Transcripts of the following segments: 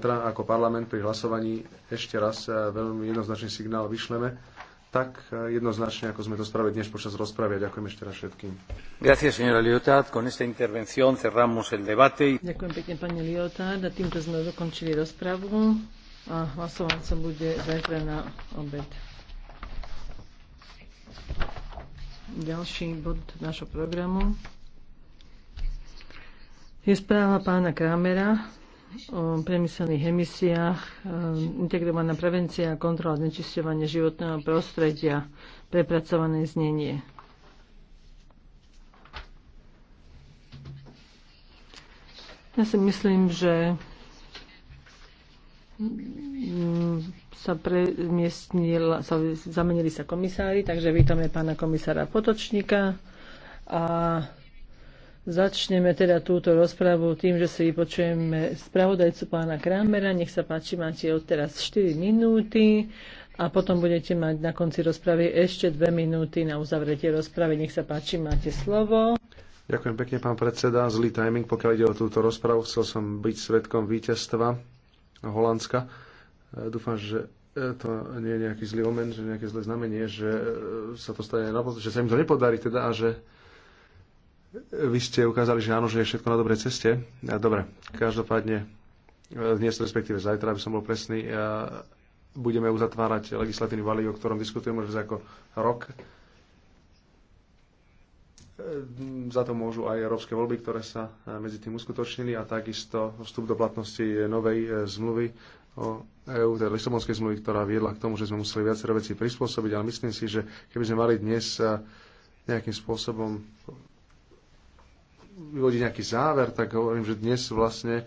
Teda ako parlament pri hlasovaní ešte raz e, veľmi jednoznačný signál vyšleme, tak e, jednoznačne, ako sme to spravili dnes počas rozpravy. Ďakujem ešte raz všetkým. Gracias, señora Liotard. Con esta intervención cerramos el debate. Ďakujem pekne, pani Liotard. A týmto sme dokončili rozpravu a hlasovať sa bude zajtra na obed. Ďalší bod nášho programu je správa pána Kramera o priemyselných emisiách, e, integrovaná prevencia a kontrola znečisťovania životného prostredia, prepracované znenie. Ja si myslím, že mm, sa premiestnil, sa, zamenili sa komisári, takže vítame pána komisára Potočníka a Začneme teda túto rozpravu tým, že si vypočujeme spravodajcu pána Kramera. Nech sa páči, máte odteraz 4 minúty a potom budete mať na konci rozpravy ešte 2 minúty na uzavretie rozpravy. Nech sa páči, máte slovo. Ďakujem pekne, pán predseda. Zlý timing, pokiaľ ide o túto rozpravu. Chcel som byť svetkom víťazstva Holandska. E, dúfam, že e, to nie je nejaký zlý omen, že nejaké zlé znamenie, že e, sa to stane na že sa im to nepodarí teda a že vy ste ukázali, že áno, že je všetko na dobrej ceste. Dobre, každopádne e, dnes, respektíve zajtra, aby som bol presný, e, budeme uzatvárať legislatívny balík, o ktorom diskutujeme už ako rok. E, za to môžu aj európske voľby, ktoré sa medzi tým uskutočnili a takisto vstup do platnosti novej zmluvy o EU, teda Lisabonskej zmluvy, ktorá viedla k tomu, že sme museli viacero vecí prispôsobiť, ale myslím si, že keby sme mali dnes nejakým spôsobom vyvodiť nejaký záver, tak hovorím, že dnes vlastne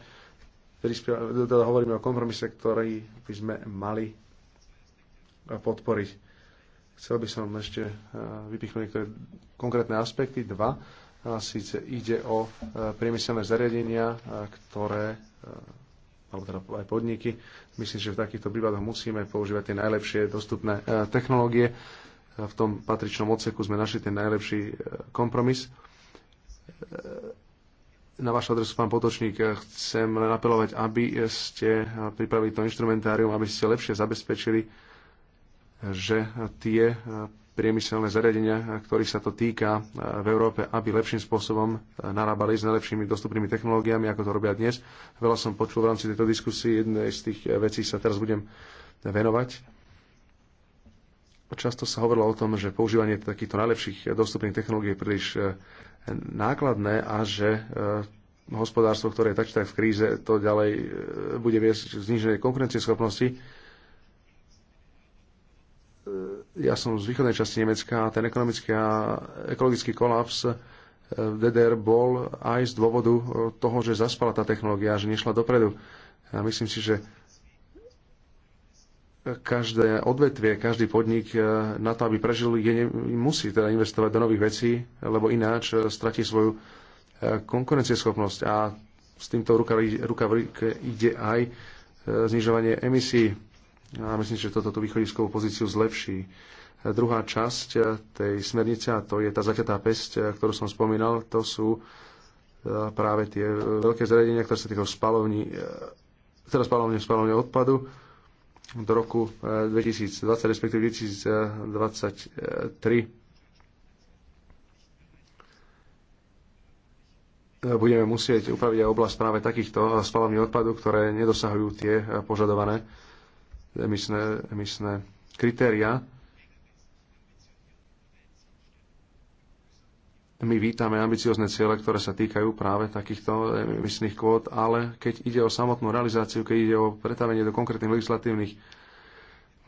teda hovoríme o kompromise, ktorý by sme mali podporiť. Chcel by som ešte eh, vypichnúť niektoré konkrétne aspekty, dva. A síce ide o eh, priemyselné zariadenia, eh, ktoré alebo teda aj podniky. Myslím, že v takýchto prípadoch musíme používať tie najlepšie dostupné technológie. V tom patričnom odseku sme našli ten najlepší kompromis na vašu adresu, pán Potočník, chcem len apelovať, aby ste pripravili to instrumentárium, aby ste lepšie zabezpečili, že tie priemyselné zariadenia, ktorých sa to týka v Európe, aby lepším spôsobom narábali s najlepšími dostupnými technológiami, ako to robia dnes. Veľa som počul v rámci tejto diskusie, jednej z tých vecí sa teraz budem venovať. Často sa hovorilo o tom, že používanie takýchto najlepších dostupných technológií je príliš nákladné a že e, hospodárstvo, ktoré je tak či tak v kríze, to ďalej e, bude viesť k zniženej konkurencieschopnosti. E, ja som z východnej časti Nemecka a ten ekonomický a ekologický kolaps v DDR bol aj z dôvodu toho, že zaspala tá technológia, že nešla dopredu. A myslím si, že každé odvetvie, každý podnik eh, na to, aby prežil, je, musí teda investovať do nových vecí, lebo ináč eh, stratí svoju eh, konkurencieschopnosť. A s týmto ruka, ruka v ruke ide aj znižovanie emisí. A myslím, že toto tú východiskovú pozíciu zlepší. Druhá časť tej smernice, a to je tá zaťatá pesť, ktorú som spomínal, to sú práve tie veľké zariadenia, ktoré sa týkajú spalovní, teda spalovní, spalovní odpadu do roku 2020, eh, respektíve 2023. Eh, budeme musieť upraviť aj oblasť práve takýchto eh, spalovní odpadu, ktoré nedosahujú tie požadované emisné, emisné kritéria. my vítame ambiciozne ciele, ktoré sa týkajú práve takýchto emisných kvót, ale keď ide o samotnú realizáciu, keď ide o pretavenie do konkrétnych legislatívnych,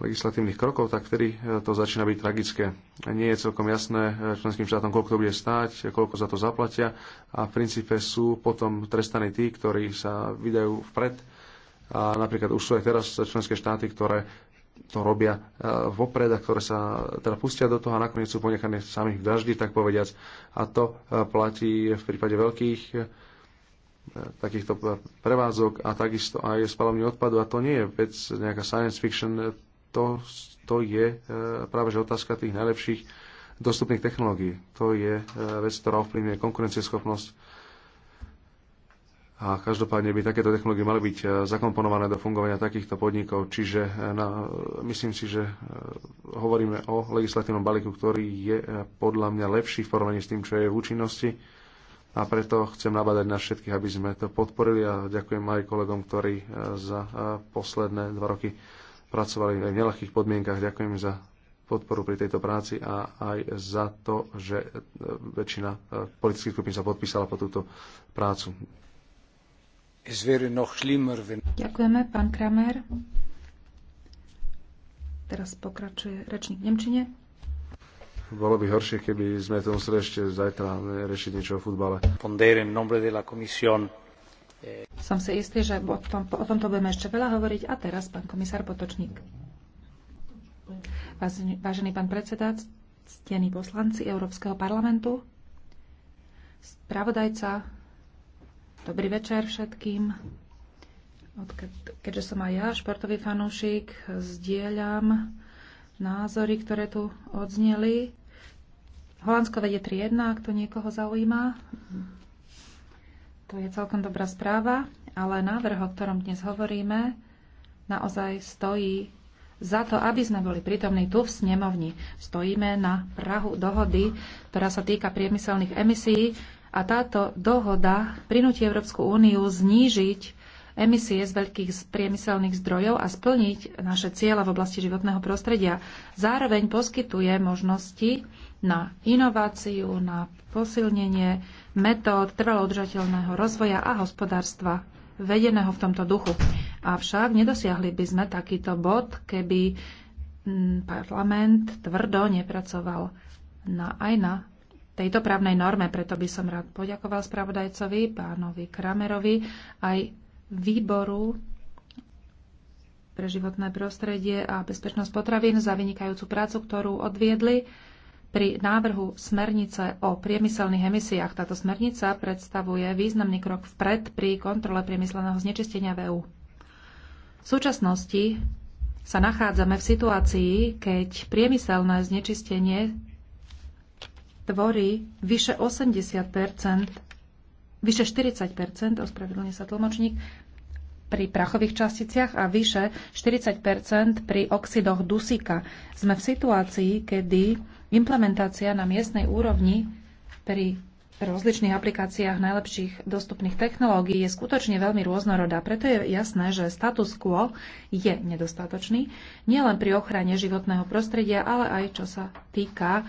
legislatívnych krokov, tak vtedy e, to začína byť tragické. Nie je celkom jasné e, členským štátom, koľko to bude stáť, koľko za to zaplatia a v princípe sú potom trestaní tí, ktorí sa vydajú vpred. A napríklad už sú aj teraz členské štáty, ktoré to robia e, vopred a ktoré sa teda pustia do toho a nakoniec sú ponechané samých v daždi, tak povediac. A to e, platí v prípade veľkých e, takýchto prevádzok a takisto aj spalovní odpadu. A to nie je vec nejaká science fiction, to, to je práve že otázka tých najlepších dostupných technológií. To je vec, ktorá ovplyvňuje konkurencieschopnosť a každopádne by takéto technológie mali byť e, zakomponované do fungovania takýchto podnikov. Čiže e, na, myslím si, že e, hovoríme o legislatívnom balíku, ktorý je podľa mňa lepší v porovnaní s tým, čo je v účinnosti. A preto chcem nabadať na všetkých, aby sme to podporili a ďakujem aj kolegom, ktorí za posledné dva roky pracovali v nelahkých podmienkach. Ďakujem za podporu pri tejto práci a aj za to, že väčšina politických skupín sa podpísala po túto prácu. Ďakujeme, pán Kramer. Teraz pokračuje rečník Nemčine. Bolo by horšie, keby sme to museli ešte zajtra riešiť niečo o futbale. Eh, Som si istý, že o, tom, o tomto budeme ešte veľa hovoriť. A teraz pán komisár Potočník. Vážený pán predseda, ctení poslanci Európskeho parlamentu, spravodajca Dobrý večer všetkým. Keďže som aj ja športový fanúšik, zdieľam názory, ktoré tu odzneli. Holandsko vedie 3-1, ak to niekoho zaujíma. To je celkom dobrá správa, ale návrh, o ktorom dnes hovoríme, naozaj stojí za to, aby sme boli prítomní tu v snemovni. Stojíme na Prahu dohody, ktorá sa týka priemyselných emisí a táto dohoda prinúti Európsku úniu znížiť emisie z veľkých priemyselných zdrojov a splniť naše cieľa v oblasti životného prostredia. Zároveň poskytuje možnosti na inováciu, na posilnenie metód trvalo udržateľného rozvoja a hospodárstva vedeného v tomto duchu. Avšak nedosiahli by sme takýto bod, keby parlament tvrdo nepracoval na, aj na tejto právnej norme. Preto by som rád poďakoval spravodajcovi, pánovi Kramerovi, aj výboru pre životné prostredie a bezpečnosť potravín za vynikajúcu prácu, ktorú odviedli pri návrhu smernice o priemyselných emisiách. Táto smernica predstavuje významný krok vpred pri kontrole priemyselného znečistenia v EU. V súčasnosti sa nachádzame v situácii, keď priemyselné znečistenie tvorí vyše 80 vyše 40 ospravedlne sa tlmočník, pri prachových časticiach a vyše 40 pri oxidoch dusíka. Sme v situácii, kedy implementácia na miestnej úrovni pri rozličných aplikáciách najlepších dostupných technológií je skutočne veľmi rôznorodá. Preto je jasné, že status quo je nedostatočný nielen pri ochrane životného prostredia, ale aj čo sa týka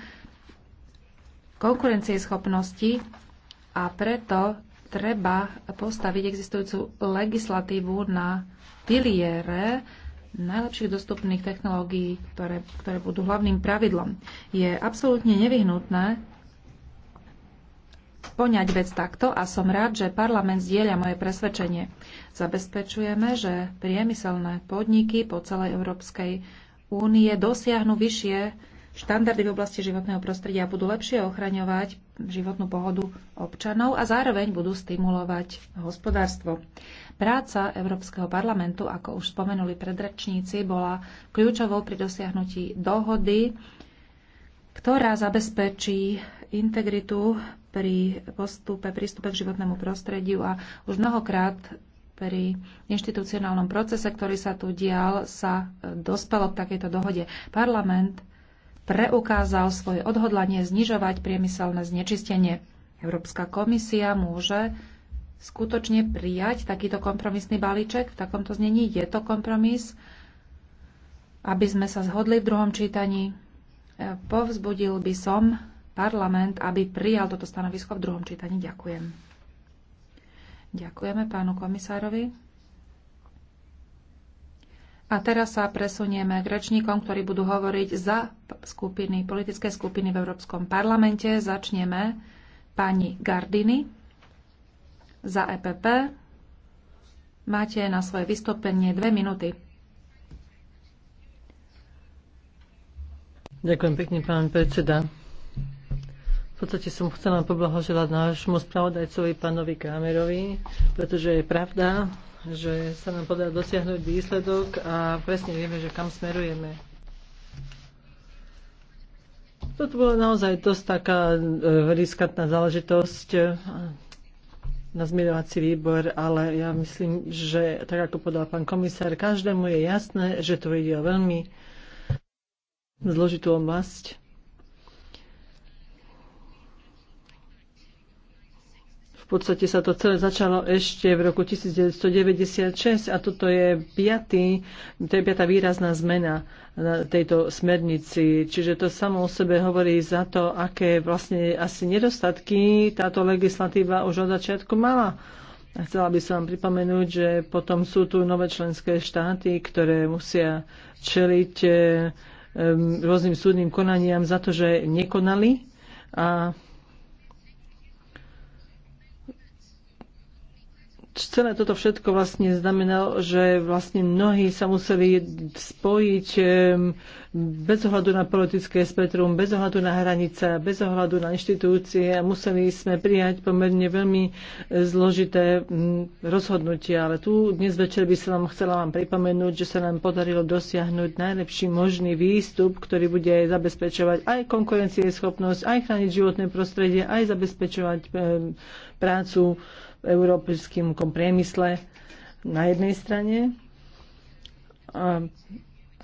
konkurencieschopnosti a preto treba postaviť existujúcu legislatívu na piliere najlepších dostupných technológií, ktoré, ktoré budú hlavným pravidlom. Je absolútne nevyhnutné poňať vec takto a som rád, že parlament zdieľa moje presvedčenie. Zabezpečujeme, že priemyselné podniky po celej Európskej únie dosiahnu vyššie štandardy v oblasti životného prostredia budú lepšie ochraňovať životnú pohodu občanov a zároveň budú stimulovať hospodárstvo. Práca Európskeho parlamentu, ako už spomenuli predrečníci, bola kľúčovou pri dosiahnutí dohody, ktorá zabezpečí integritu pri postupe, prístupe k životnému prostrediu a už mnohokrát pri inštitucionálnom procese, ktorý sa tu dial, sa dospelo k takejto dohode. Parlament preukázal svoje odhodlanie znižovať priemyselné znečistenie. Európska komisia môže skutočne prijať takýto kompromisný balíček v takomto znení? Je to kompromis, aby sme sa zhodli v druhom čítaní? Povzbudil by som parlament, aby prijal toto stanovisko v druhom čítaní. Ďakujem. Ďakujeme pánu komisárovi. A teraz sa presunieme k rečníkom, ktorí budú hovoriť za skupiny, politické skupiny v Európskom parlamente. Začneme pani Gardini za EPP. Máte na svoje vystúpenie dve minúty. Ďakujem pekne, pán predseda. V podstate som chcela poblahoželať nášmu spravodajcovi, pánovi Kamerovi, pretože je pravda, že sa nám podarí dosiahnuť výsledok a presne vieme, že kam smerujeme. Toto bola naozaj dosť taká e, riskantná záležitosť e, na zmierovací výbor, ale ja myslím, že tak ako podal pán komisár, každému je jasné, že to ide o veľmi zložitú oblasť podstate sa to celé začalo ešte v roku 1996 a toto je piatý, to je piatá výrazná zmena na tejto smernici. Čiže to samo o sebe hovorí za to, aké vlastne asi nedostatky táto legislatíva už od začiatku mala. A chcela by som vám pripomenúť, že potom sú tu nové členské štáty, ktoré musia čeliť ehm, rôznym súdnym konaniam za to, že nekonali a celé toto všetko vlastne znamenalo, že vlastne mnohí sa museli spojiť bez ohľadu na politické spektrum, bez ohľadu na hranice, bez ohľadu na inštitúcie a museli sme prijať pomerne veľmi e, zložité rozhodnutia. Ale tu dnes večer by som vám chcela vám pripomenúť, že sa nám podarilo dosiahnuť najlepší možný výstup, ktorý bude zabezpečovať aj konkurencieschopnosť, aj chrániť životné prostredie, aj zabezpečovať e, prácu v európskym priemysle na jednej strane a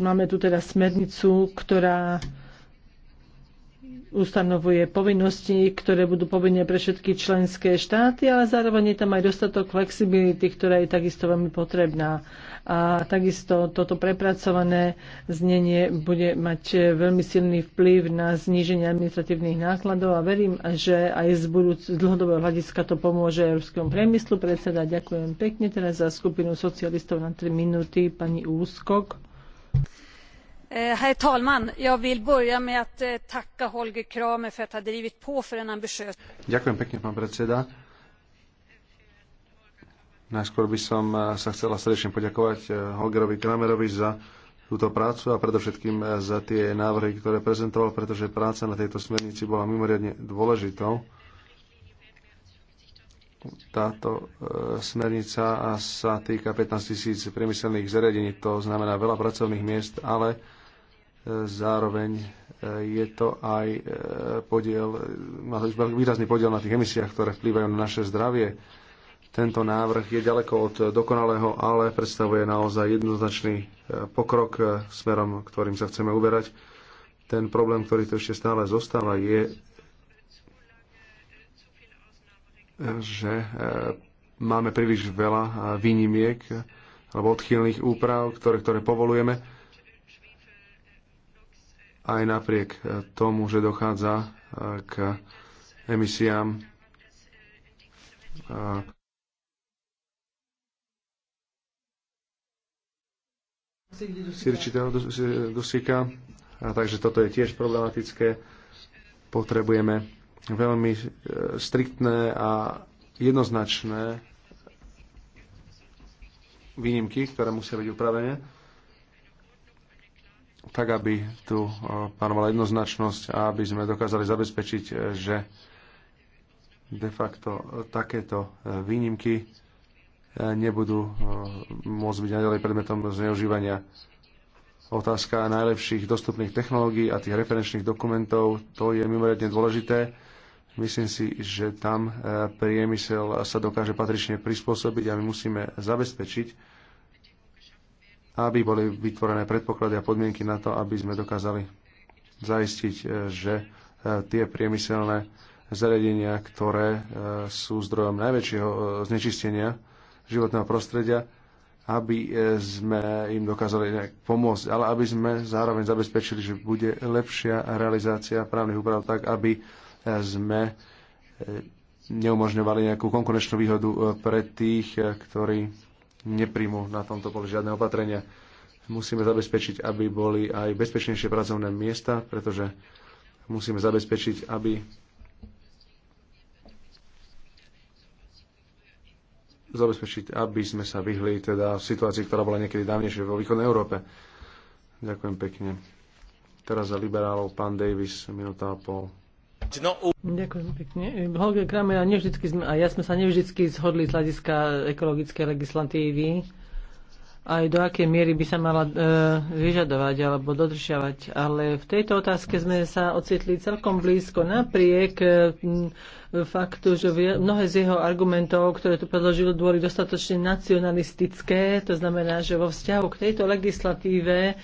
Máme tu teda smernicu, ktorá ustanovuje povinnosti, ktoré budú povinné pre všetky členské štáty, ale zároveň je tam aj dostatok flexibility, ktorá je takisto veľmi potrebná. A takisto toto prepracované znenie bude mať veľmi silný vplyv na zníženie administratívnych nákladov a verím, že aj z, budúc- z dlhodobého hľadiska to pomôže európskom priemyslu. Predseda, ďakujem pekne teraz za skupinu socialistov na 3 minúty, pani Úskok. Eh, herr talman! Jag vill börja med att eh, tacka Holger Kramer för att ha drivit på för en ambitiös... Ďakujem pekne, pán predseda. Najskôr by som eh, sa chcela srdečne poďakovať Holgerovi Kramerovi za túto prácu a predovšetkým za tie návrhy, ktoré prezentoval, pretože práca na tejto smernici bola mimoriadne dôležitou. Táto smernica sa týka 15 tisíc priemyselných zariadení, to znamená veľa pracovných miest, ale Zároveň e, je to aj e, podiel, má to výrazný podiel na tých emisiách, ktoré vplývajú na naše zdravie. Tento návrh je ďaleko od dokonalého, ale predstavuje naozaj jednoznačný e, pokrok smerom, ktorým sa chceme uberať. Ten problém, ktorý tu ešte stále zostáva, je, že máme príliš veľa výnimiek alebo odchylných úprav, ktoré, ktoré povolujeme aj napriek e, tomu, že dochádza e, k emisiám e, sirčitého dusíka. A takže toto je tiež problematické. Potrebujeme veľmi striktné a jednoznačné výnimky, ktoré musia byť upravené tak aby tu eh, panovala jednoznačnosť a aby sme dokázali zabezpečiť, eh, že de facto eh, takéto výnimky nebudú môcť byť naďalej predmetom zneužívania. Otázka najlepších dostupných technológií a tých referenčných dokumentov, to je mimoriadne dôležité. Myslím si, že tam priemysel sa dokáže patrične prispôsobiť a my musíme zabezpečiť, aby boli vytvorené predpoklady a podmienky na to, aby sme dokázali zaistiť, e, že e, tie priemyselné zariadenia, ktoré e, sú zdrojom najväčšieho znečistenia životného prostredia, aby sme im dokázali nejak pomôcť, ale aby sme zároveň zabezpečili, že bude lepšia realizácia právnych úprav tak, aby sme neumožňovali nejakú konkurenčnú výhodu pre tých, ktorí nepríjmu na tomto poli žiadne opatrenia. Musíme zabezpečiť, aby boli aj bezpečnejšie pracovné miesta, pretože musíme zabezpečiť, aby zabezpečiť, aby sme sa vyhli teda v situácii, ktorá bola niekedy dávnejšie vo východnej Európe. Ďakujem pekne. Teraz za liberálov pán Davis, minúta a pol. Ďakujem pekne. Holger Kramer, a, sme, a ja sme sa nevždycky zhodli z hľadiska ekologickej legislatívy, aj do akej miery by sa mala e, vyžadovať alebo dodržiavať. Ale v tejto otázke sme sa ocitli celkom blízko napriek e, faktu, že mnohé z jeho argumentov, ktoré tu predložili, boli dostatočne nacionalistické. To znamená, že vo vzťahu k tejto legislatíve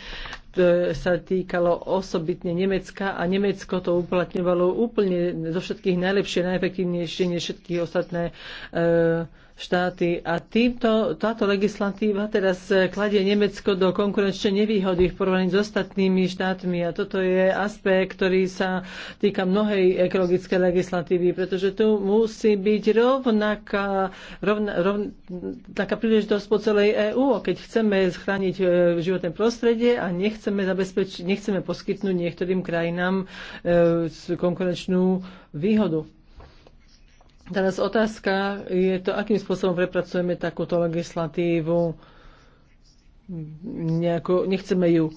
E, sa týkalo osobitne Nemecka a Nemecko to uplatňovalo úplne zo všetkých najlepšie, najefektívnejšie než všetky ostatné e, štáty. A týmto, táto legislatíva teraz kladie Nemecko do konkurenčnej nevýhody v porovnaní s ostatnými štátmi. A toto je aspekt, ktorý sa týka mnohej ekologickej legislatívy, pretože tu musí byť rovnaká, rovna, taká príležitosť po celej EÚ. Keď chceme chrániť e, životné prostredie a nech nechceme, zabezpečiť, nechceme poskytnúť niektorým krajinám e, konkurenčnú výhodu. Teraz otázka je to, akým spôsobom prepracujeme takúto legislatívu. Nejako, nechceme ju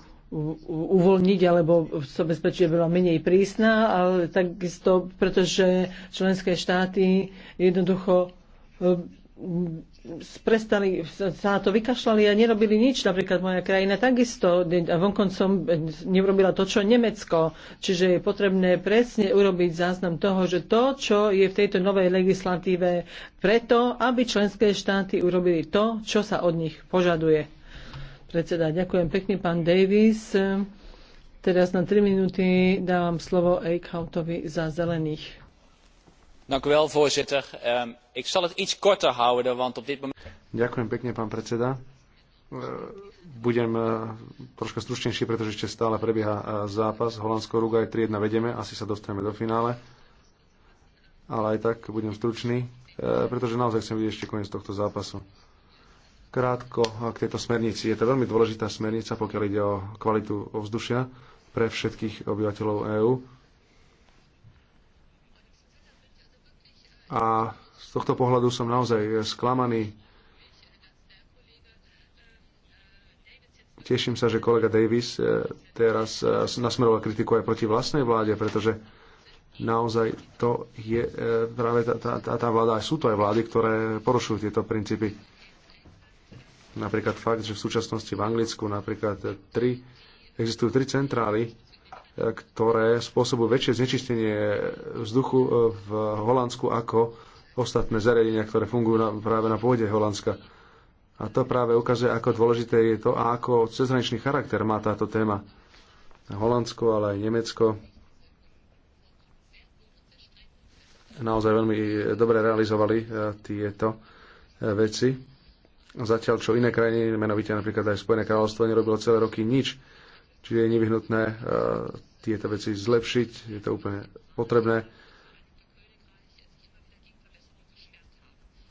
uvoľniť alebo bezpečie bola menej prísna, ale takisto, pretože členské štáty jednoducho e, prestali, sa na to vykašľali a nerobili nič. Napríklad moja krajina takisto vonkoncom neurobila to, čo Nemecko. Čiže je potrebné presne urobiť záznam toho, že to, čo je v tejto novej legislatíve preto, aby členské štáty urobili to, čo sa od nich požaduje. Predseda, ďakujem pekne, pán Davis. Teraz na 3 minúty dávam slovo Eichhautovi za zelených voorzitter ehm, ik zal het iets korter houden want op dit moment. ďakujem pekne pán predseda eh, budem eh, troška stručnejší pretože ešte stále prebieha eh, zápas holandsko rugaj 3 jedna vedeme asi sa dostaneme do finále ale aj tak budem stručný pretože naozaj chcem vidieť ešte koniec tohto zápasu krátko k tejto smernici je to veľmi dôležitá smernica pokiaľ ide o kvalitu ovzdušia pre všetkých obyvateľov EÚ A z tohto pohľadu som naozaj sklamaný. Teším sa, že kolega Davis eh, teraz eh, nasmeroval kritiku aj proti vlastnej vláde, pretože naozaj to je eh, práve tá, tá, tá, tá vláda, aj sú to aj vlády, ktoré porušujú tieto princípy. Napríklad fakt, že v súčasnosti v Anglicku napríklad tri, existujú tri centrály, ktoré spôsobujú väčšie znečistenie vzduchu e, v Holandsku ako ostatné zariadenia, ktoré fungujú na, práve na pôde Holandska. A to práve ukazuje, ako dôležité je to a ako cezhraničný charakter má táto téma. Holandsko, ale aj Nemecko naozaj veľmi dobre realizovali e, tieto e, veci. Zatiaľ, čo iné krajiny, menovite napríklad aj Spojené kráľovstvo, nerobilo celé roky nič Čiže je nevyhnutné e, tieto veci zlepšiť, je to úplne potrebné.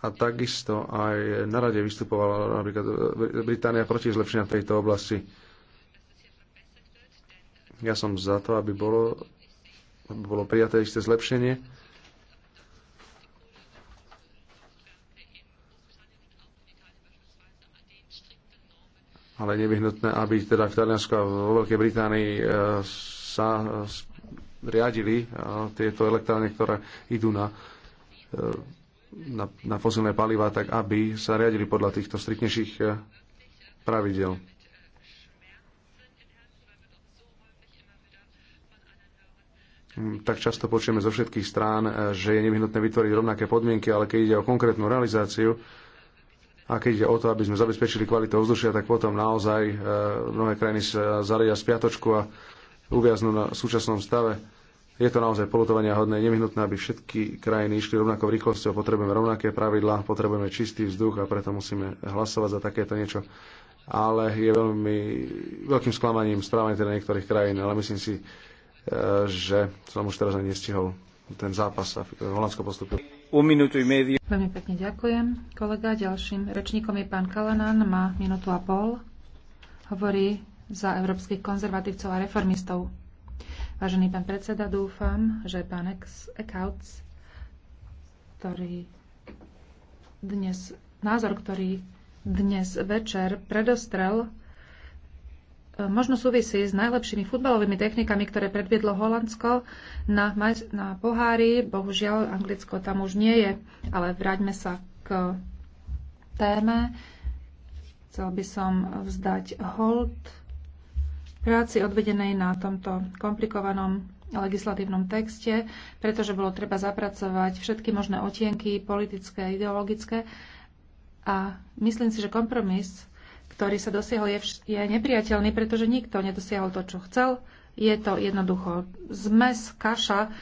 A takisto aj na rade vystupovala napríklad Británia proti zlepšenia v tejto oblasti. Ja som za to, aby bolo, aby bolo prijaté isté zlepšenie ale je nevyhnutné, aby teda v Taliansku a vo Veľkej Británii e, sa e, riadili e, tieto elektrárne, ktoré idú na, na, na fosilné paliva, tak aby sa riadili podľa týchto striknejších pravidel. Hm, tak často počujeme zo všetkých strán, že je nevyhnutné vytvoriť rovnaké podmienky, ale keď ide o konkrétnu realizáciu, a keď ide o to, aby sme zabezpečili kvalitu ovzdušia, tak potom naozaj e, mnohé krajiny sa zariadia z piatočku a uviaznú na súčasnom stave. Je to naozaj polutovania hodné, nevyhnutné, aby všetky krajiny išli rovnakou rýchlosťou, potrebujeme rovnaké pravidlá, potrebujeme čistý vzduch a preto musíme hlasovať za takéto niečo. Ale je veľmi veľkým sklamaním správanie teda niektorých krajín, ale myslím si, e, že som už teraz ani nestihol ten zápas a Holandsko postupil. Veľmi pekne ďakujem. Kolega, ďalším rečníkom je pán Kalanán, má minútu a pol. Hovorí za európskych konzervatívcov a reformistov. Vážený pán predseda, dúfam, že pán Ekauts, ktorý dnes, názor, ktorý dnes večer predostrel možno súvisí s najlepšími futbalovými technikami, ktoré predviedlo Holandsko na, na pohári. Bohužiaľ, Anglicko tam už nie je, ale vráťme sa k téme. Chcel by som vzdať hold práci odvedenej na tomto komplikovanom legislatívnom texte, pretože bolo treba zapracovať všetky možné otienky politické, ideologické. A myslím si, že kompromis ktorý sa dosiahol, je, je nepriateľný, pretože nikto nedosiahol to, čo chcel. Je to jednoducho zmes, kaša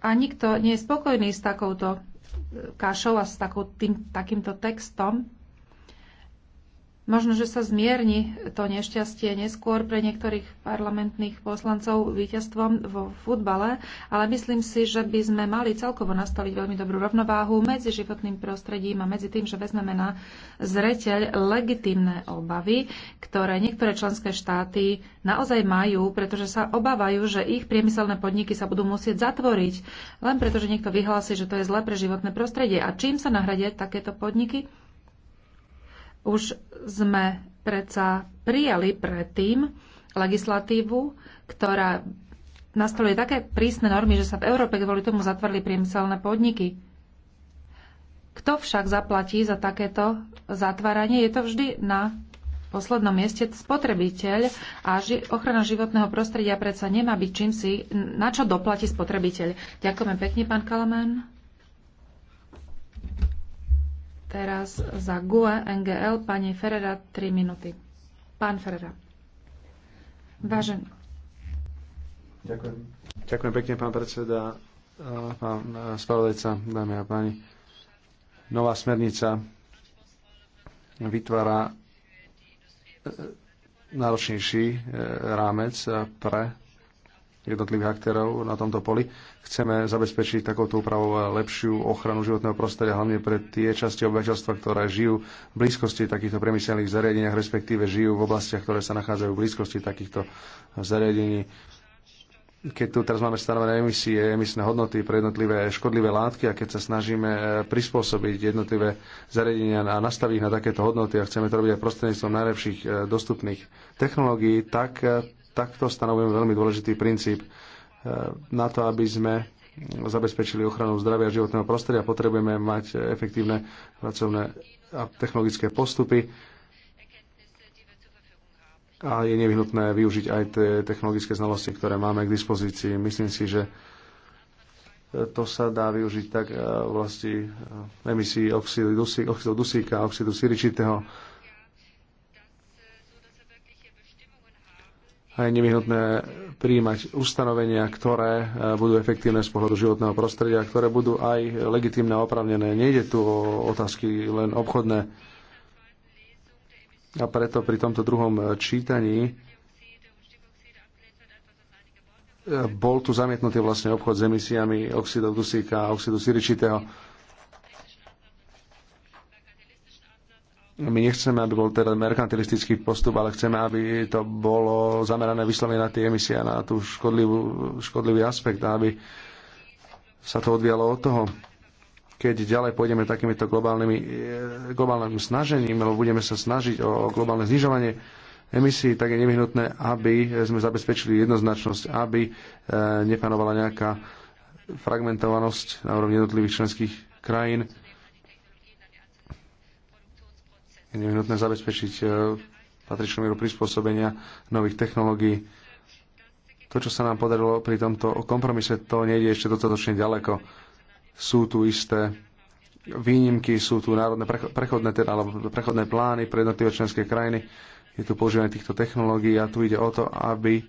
a nikto nie je spokojný s takouto e, kašou a s takou, tým, takýmto textom. Možno, že sa zmierni to nešťastie neskôr pre niektorých parlamentných poslancov víťazstvom vo futbale, ale myslím si, že by sme mali celkovo nastaviť veľmi dobrú rovnováhu medzi životným prostredím a medzi tým, že vezmeme na zreteľ legitimné obavy, ktoré niektoré členské štáty naozaj majú, pretože sa obávajú, že ich priemyselné podniky sa budú musieť zatvoriť, len pretože niekto vyhlási, že to je zle pre životné prostredie. A čím sa nahradia takéto podniky? Už sme predsa prijali predtým legislatívu, ktorá nastoluje také prísne normy, že sa v Európe kvôli tomu zatvorili priemyselné podniky. Kto však zaplatí za takéto zatváranie? Je to vždy na poslednom mieste spotrebiteľ a ži- ochrana životného prostredia predsa nemá byť čím si, na čo doplatí spotrebiteľ. Ďakujeme pekne, pán Kalamán. Teraz za GUE NGL pani Ferrera 3 minúty. Pán Ferrera. Vážený. Ďakujem. Ďakujem pekne, pán predseda, pán e, spravodajca, dámy a páni. Nová smernica vytvára e, e, náročnejší rámec pre jednotlivých aktérov na tomto poli. Chceme zabezpečiť takouto úpravou lepšiu ochranu životného prostredia, hlavne pre tie časti obyvateľstva, ktoré žijú v blízkosti takýchto priemyselných zariadení, respektíve žijú v oblastiach, ktoré sa nachádzajú v blízkosti takýchto zariadení. Keď tu teraz máme stanovené emisie, emisné hodnoty pre jednotlivé škodlivé látky a keď sa snažíme e, prispôsobiť jednotlivé zariadenia a nastaviť na takéto hodnoty a chceme to robiť aj prostredníctvom najlepších e, dostupných technológií, tak e, takto stanovujem veľmi dôležitý princíp. E, na to, aby sme zabezpečili ochranu zdravia a životného prostredia, potrebujeme mať efektívne pracovné a technologické postupy a je nevyhnutné využiť aj tie technologické znalosti, ktoré máme k dispozícii. Myslím si, že to sa dá využiť tak e, v oblasti e, emisí oxidu dusíka, oxidu síričitého, a je nevyhnutné príjmať ustanovenia, ktoré e, budú efektívne z pohľadu životného prostredia, ktoré budú aj legitimné a opravnené. Nejde tu o otázky len obchodné. A preto pri tomto druhom e, čítaní e, bol tu zamietnutý vlastne obchod s emisiami oxidov dusíka a oxidu siričitého No, my nechceme, aby bol teda merkantilistický postup, ale chceme, aby to bolo zamerané vyslovene na tie emisie a na tú škodlivú, škodlivý aspekt, aby sa to odvialo od toho. Keď ďalej pôjdeme takýmito globálnymi, eh, globálnym snažením, lebo budeme sa snažiť o globálne znižovanie emisí, tak je nevyhnutné, aby sme zabezpečili jednoznačnosť, aby eh, nepanovala nejaká fragmentovanosť na úrovni jednotlivých členských krajín je nevyhnutné zabezpečiť e, patričnú mieru prispôsobenia nových technológií. To, čo sa nám podarilo pri tomto kompromise, to nejde ešte dostatočne ďaleko. Sú tu isté výnimky, sú tu národné prechodné, teda, alebo prechodné plány pre jednotlivé členské krajiny. Je tu používanie týchto technológií a tu ide o to, aby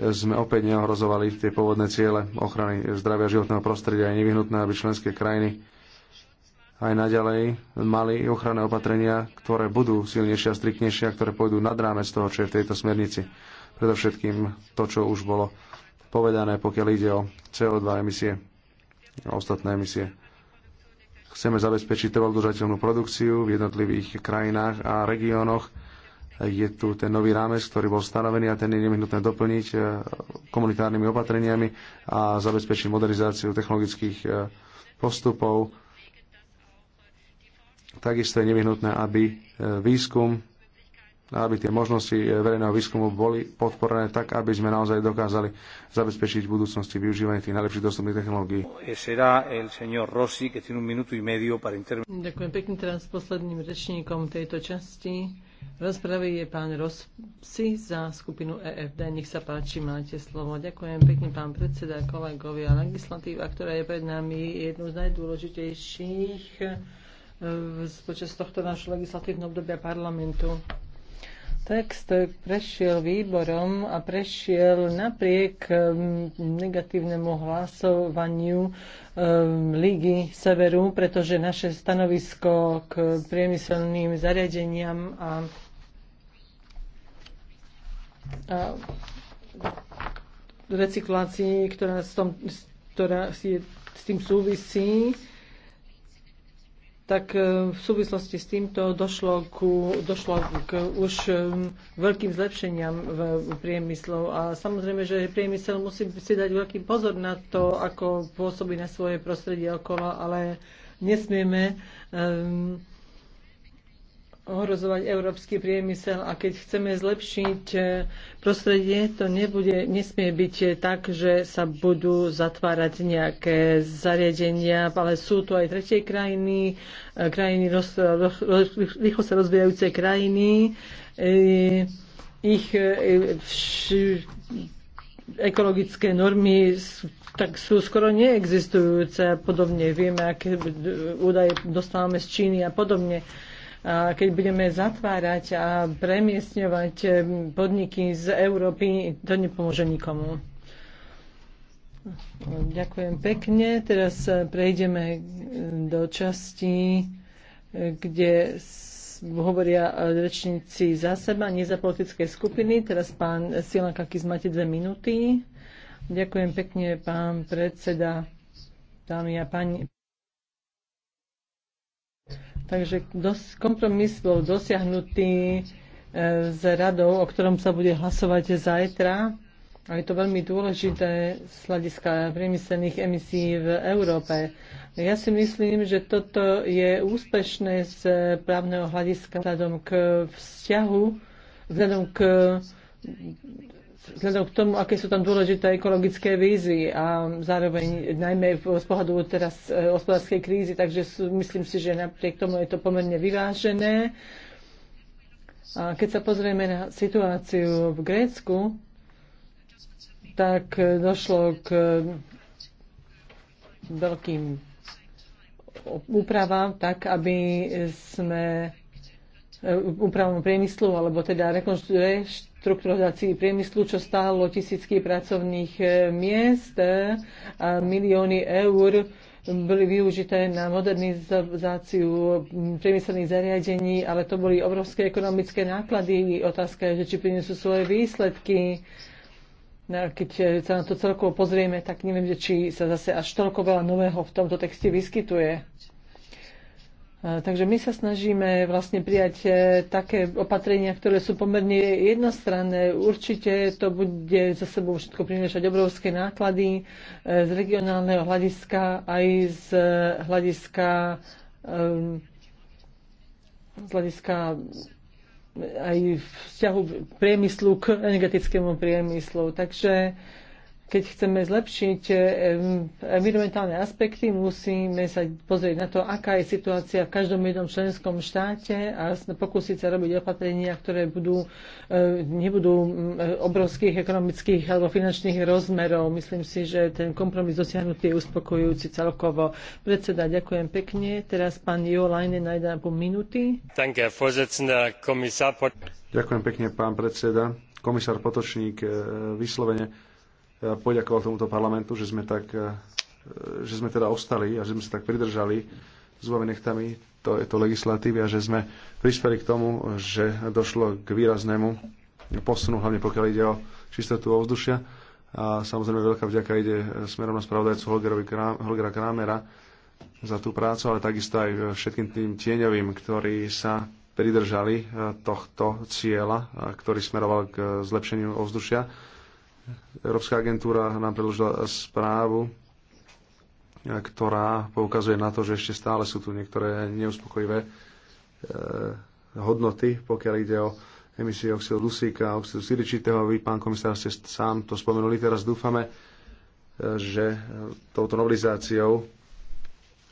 sme opäť neohrozovali tie pôvodné ciele ochrany zdravia životného prostredia. Je nevyhnutné, aby členské krajiny aj naďalej mali ochranné opatrenia, ktoré budú silnejšie a striktnejšie a ktoré pôjdu nad rámec toho, čo je v tejto smernici. Predovšetkým to, čo už bolo povedané, pokiaľ ide o CO2 emisie a ostatné emisie. Chceme zabezpečiť trvalodržateľnú produkciu v jednotlivých krajinách a regiónoch. Je tu ten nový rámec, ktorý bol stanovený a ten je nevyhnutné doplniť e, komunitárnymi opatreniami a zabezpečiť modernizáciu technologických e, postupov, Takisto je nevyhnutné, aby e, výskum, aby tie možnosti e, verejného výskumu boli podporené tak, aby sme naozaj dokázali zabezpečiť v budúcnosti využívanie tých najlepších dostupných technológií. E, Ďakujem pekne teraz posledným rečníkom tejto časti. Rozpravy je pán Rossi za skupinu EFD. Nech sa páči, máte slovo. Ďakujem pekne, pán predseda, kolegovia. Legislatíva, ktorá je pred nami, jednou z najdôležitejších počas tohto nášho legislatívneho obdobia parlamentu. Text prešiel výborom a prešiel napriek um, negatívnemu hlasovaniu um, Lígy Severu, pretože naše stanovisko k priemyselným zariadeniam a, a recyklácii, ktorá s, tom, ktorá je, s tým súvisí, tak e, v súvislosti s týmto došlo, ku, došlo k už e, veľkým zlepšeniam v priemyslu. A samozrejme, že priemysel musí si dať veľký pozor na to, ako pôsobí na svoje prostredie okolo, ale nesmieme um, ohrozovať európsky priemysel a keď chceme zlepšiť eh, prostredie, to nebude, nesmie byť eh, tak, že sa budú zatvárať nejaké zariadenia, ale sú tu aj tretie krajiny, eh, krajiny roz, roz, roz, rýchlo sa rozvíjajúce krajiny. Ich vš, ekologické normy tak sú skoro neexistujúce a podobne. Vieme, aké údaje dostávame z Číny a podobne. A keď budeme zatvárať a premiestňovať eh, podniky z Európy, to nepomôže nikomu. Ďakujem pekne. Teraz eh, prejdeme eh, do časti, kde hovoria rečníci za seba, nie za politické skupiny. Teraz pán Kakis, máte dve minúty. Ďakujem pekne, pán predseda, dámy a páni. Takže kompromis bol dosiahnutý e, s radou, o ktorom sa bude hlasovať zajtra. A je to veľmi dôležité z hľadiska priemyselných emisí v Európe. Ja si myslím, že toto je úspešné z právneho hľadiska vzhľadom k vzťahu, vzhľadom k vzhľadom k tomu, aké sú tam dôležité ekologické vízy a zároveň najmä z pohľadu teraz e, hospodárskej krízy, takže sú, myslím si, že napriek tomu je to pomerne vyvážené. A keď sa pozrieme na situáciu v Grécku, tak e, došlo k e, veľkým úpravám, tak aby sme úpravom priemyslu, alebo teda rekonštruovať štrukturalizácii priemyslu, čo stálo tisícky pracovných e, miest e, a milióny eur boli využité na modernizáciu priemyselných zariadení, ale to boli obrovské ekonomické náklady. Otázka je, že či prinesú svoje výsledky. No, keď sa na to celkovo pozrieme, tak neviem, či sa zase až toľko veľa nového v tomto texte vyskytuje. E, takže my sa snažíme vlastne prijať e, také opatrenia, ktoré sú pomerne jednostranné. Určite to bude za sebou všetko prinášať obrovské náklady e, z regionálneho hľadiska aj z hľadiska z hľadiska aj vzťahu priemyslu k energetickému priemyslu. Takže keď chceme zlepšiť eh, environmentálne aspekty, musíme sa pozrieť na to, aká je situácia v každom jednom členskom štáte a pokúsiť sa robiť opatrenia, ktoré budú, eh, nebudú mm, eh, obrovských ekonomických alebo finančných rozmerov. Myslím si, že ten kompromis dosiahnutý je uspokojujúci celkovo. Predseda, ďakujem pekne. Teraz pán Jo Lajne na po minúty. Ďakujem pekne, pán predseda. Komisár Potočník, vyslovene poďakoval tomuto parlamentu, že sme, tak, eh, že sme teda ostali a že sme sa tak pridržali dvomi nechtami to, to legislatívy a že sme prispeli k tomu, že došlo k výraznému posunu, hlavne pokiaľ ide o čistotu ovzdušia. A samozrejme veľká vďaka ide smerom na spravodajcu Holgerovi Holgera Kramera za tú prácu, ale takisto aj všetkým tým tieňovým, ktorí sa pridržali eh, tohto cieľa, eh, ktorý smeroval k zlepšeniu ovzdušia Európska agentúra nám predložila správu, ktorá poukazuje na to, že ešte stále sú tu niektoré neuspokojivé e, hodnoty, pokiaľ ide o emisie oxidu dusíka a oxidu siličitého. Vy, pán komisár, ste sám to spomenuli. Teraz dúfame, e, že touto novelizáciou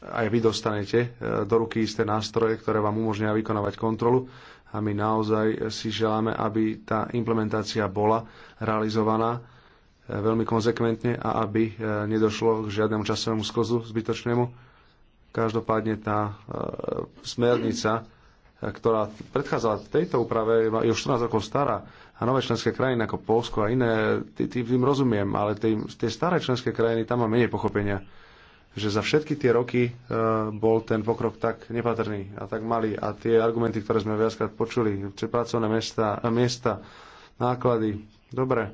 aj vy dostanete e, do ruky isté nástroje, ktoré vám umožnia vykonávať kontrolu a my naozaj si želáme, aby tá implementácia bola realizovaná eh, veľmi konzekventne a aby eh, nedošlo k žiadnemu časovému skozu zbytočnému. Každopádne tá eh, smernica, ktorá predchádzala tejto úprave, je už 14 rokov stará a nové členské krajiny ako Polsko a iné, tým rozumiem, ale tie staré členské krajiny, tam mám menej pochopenia že za všetky tie roky e, bol ten pokrok tak nepatrný a tak malý a tie argumenty, ktoré sme viackrát počuli, či pracovné miesta, miesta náklady, dobre,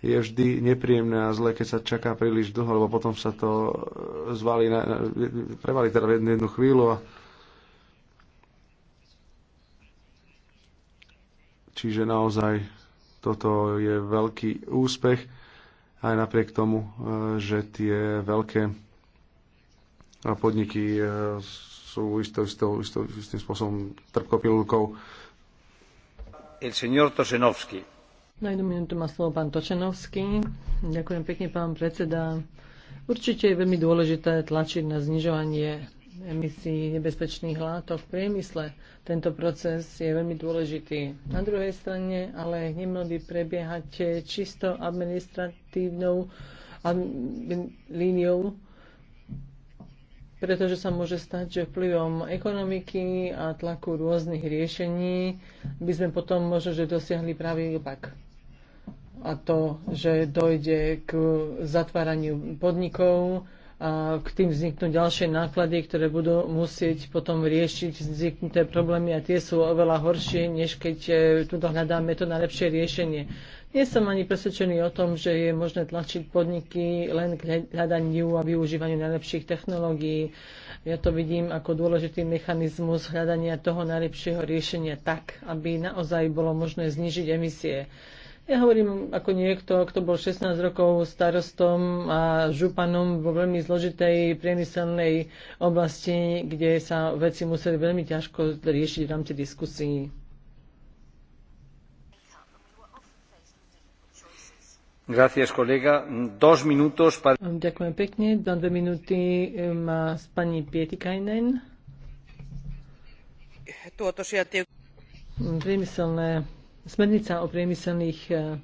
je vždy nepríjemné a zle, keď sa čaká príliš dlho, lebo potom sa to e, zvalí, na, prevalí teda v jednu, jednu chvíľu a Čiže naozaj toto je veľký úspech aj napriek tomu, e, že tie veľké podniky e, sú isto istou, istou, istým spôsobom trpkopilulkou. El señor Tošenovský. Na jednu minútu má slovo pán Točenovský. Ďakujem pekne, pán predseda. Určite je veľmi dôležité tlačiť na znižovanie emisí nebezpečných látok v priemysle. Tento proces je veľmi dôležitý. Na druhej strane ale nemal by prebiehať čisto administratívnou líniou pretože sa môže stať, že vplyvom ekonomiky a tlaku rôznych riešení by sme potom možno, že dosiahli pravý opak. A to, že dojde k zatváraniu podnikov, a k tým vzniknú ďalšie náklady, ktoré budú musieť potom riešiť vzniknuté problémy a tie sú oveľa horšie, než keď e, tu hľadáme to najlepšie riešenie. Nie som ani presvedčený o tom, že je možné tlačiť podniky len k hľadaniu a využívaniu najlepších technológií. Ja to vidím ako dôležitý mechanizmus hľadania toho najlepšieho riešenia tak, aby naozaj bolo možné znižiť emisie. Ja hovorím ako niekto, kto bol 16 rokov starostom a županom vo veľmi zložitej priemyselnej oblasti, kde sa veci museli veľmi ťažko riešiť v rámci diskusí. Gracias, kolega. Dos minutos para... Ďakujem pekne. Do dve minúty eh, má pani Pietikainen. Priemyselné Smernica o priemyselných eh,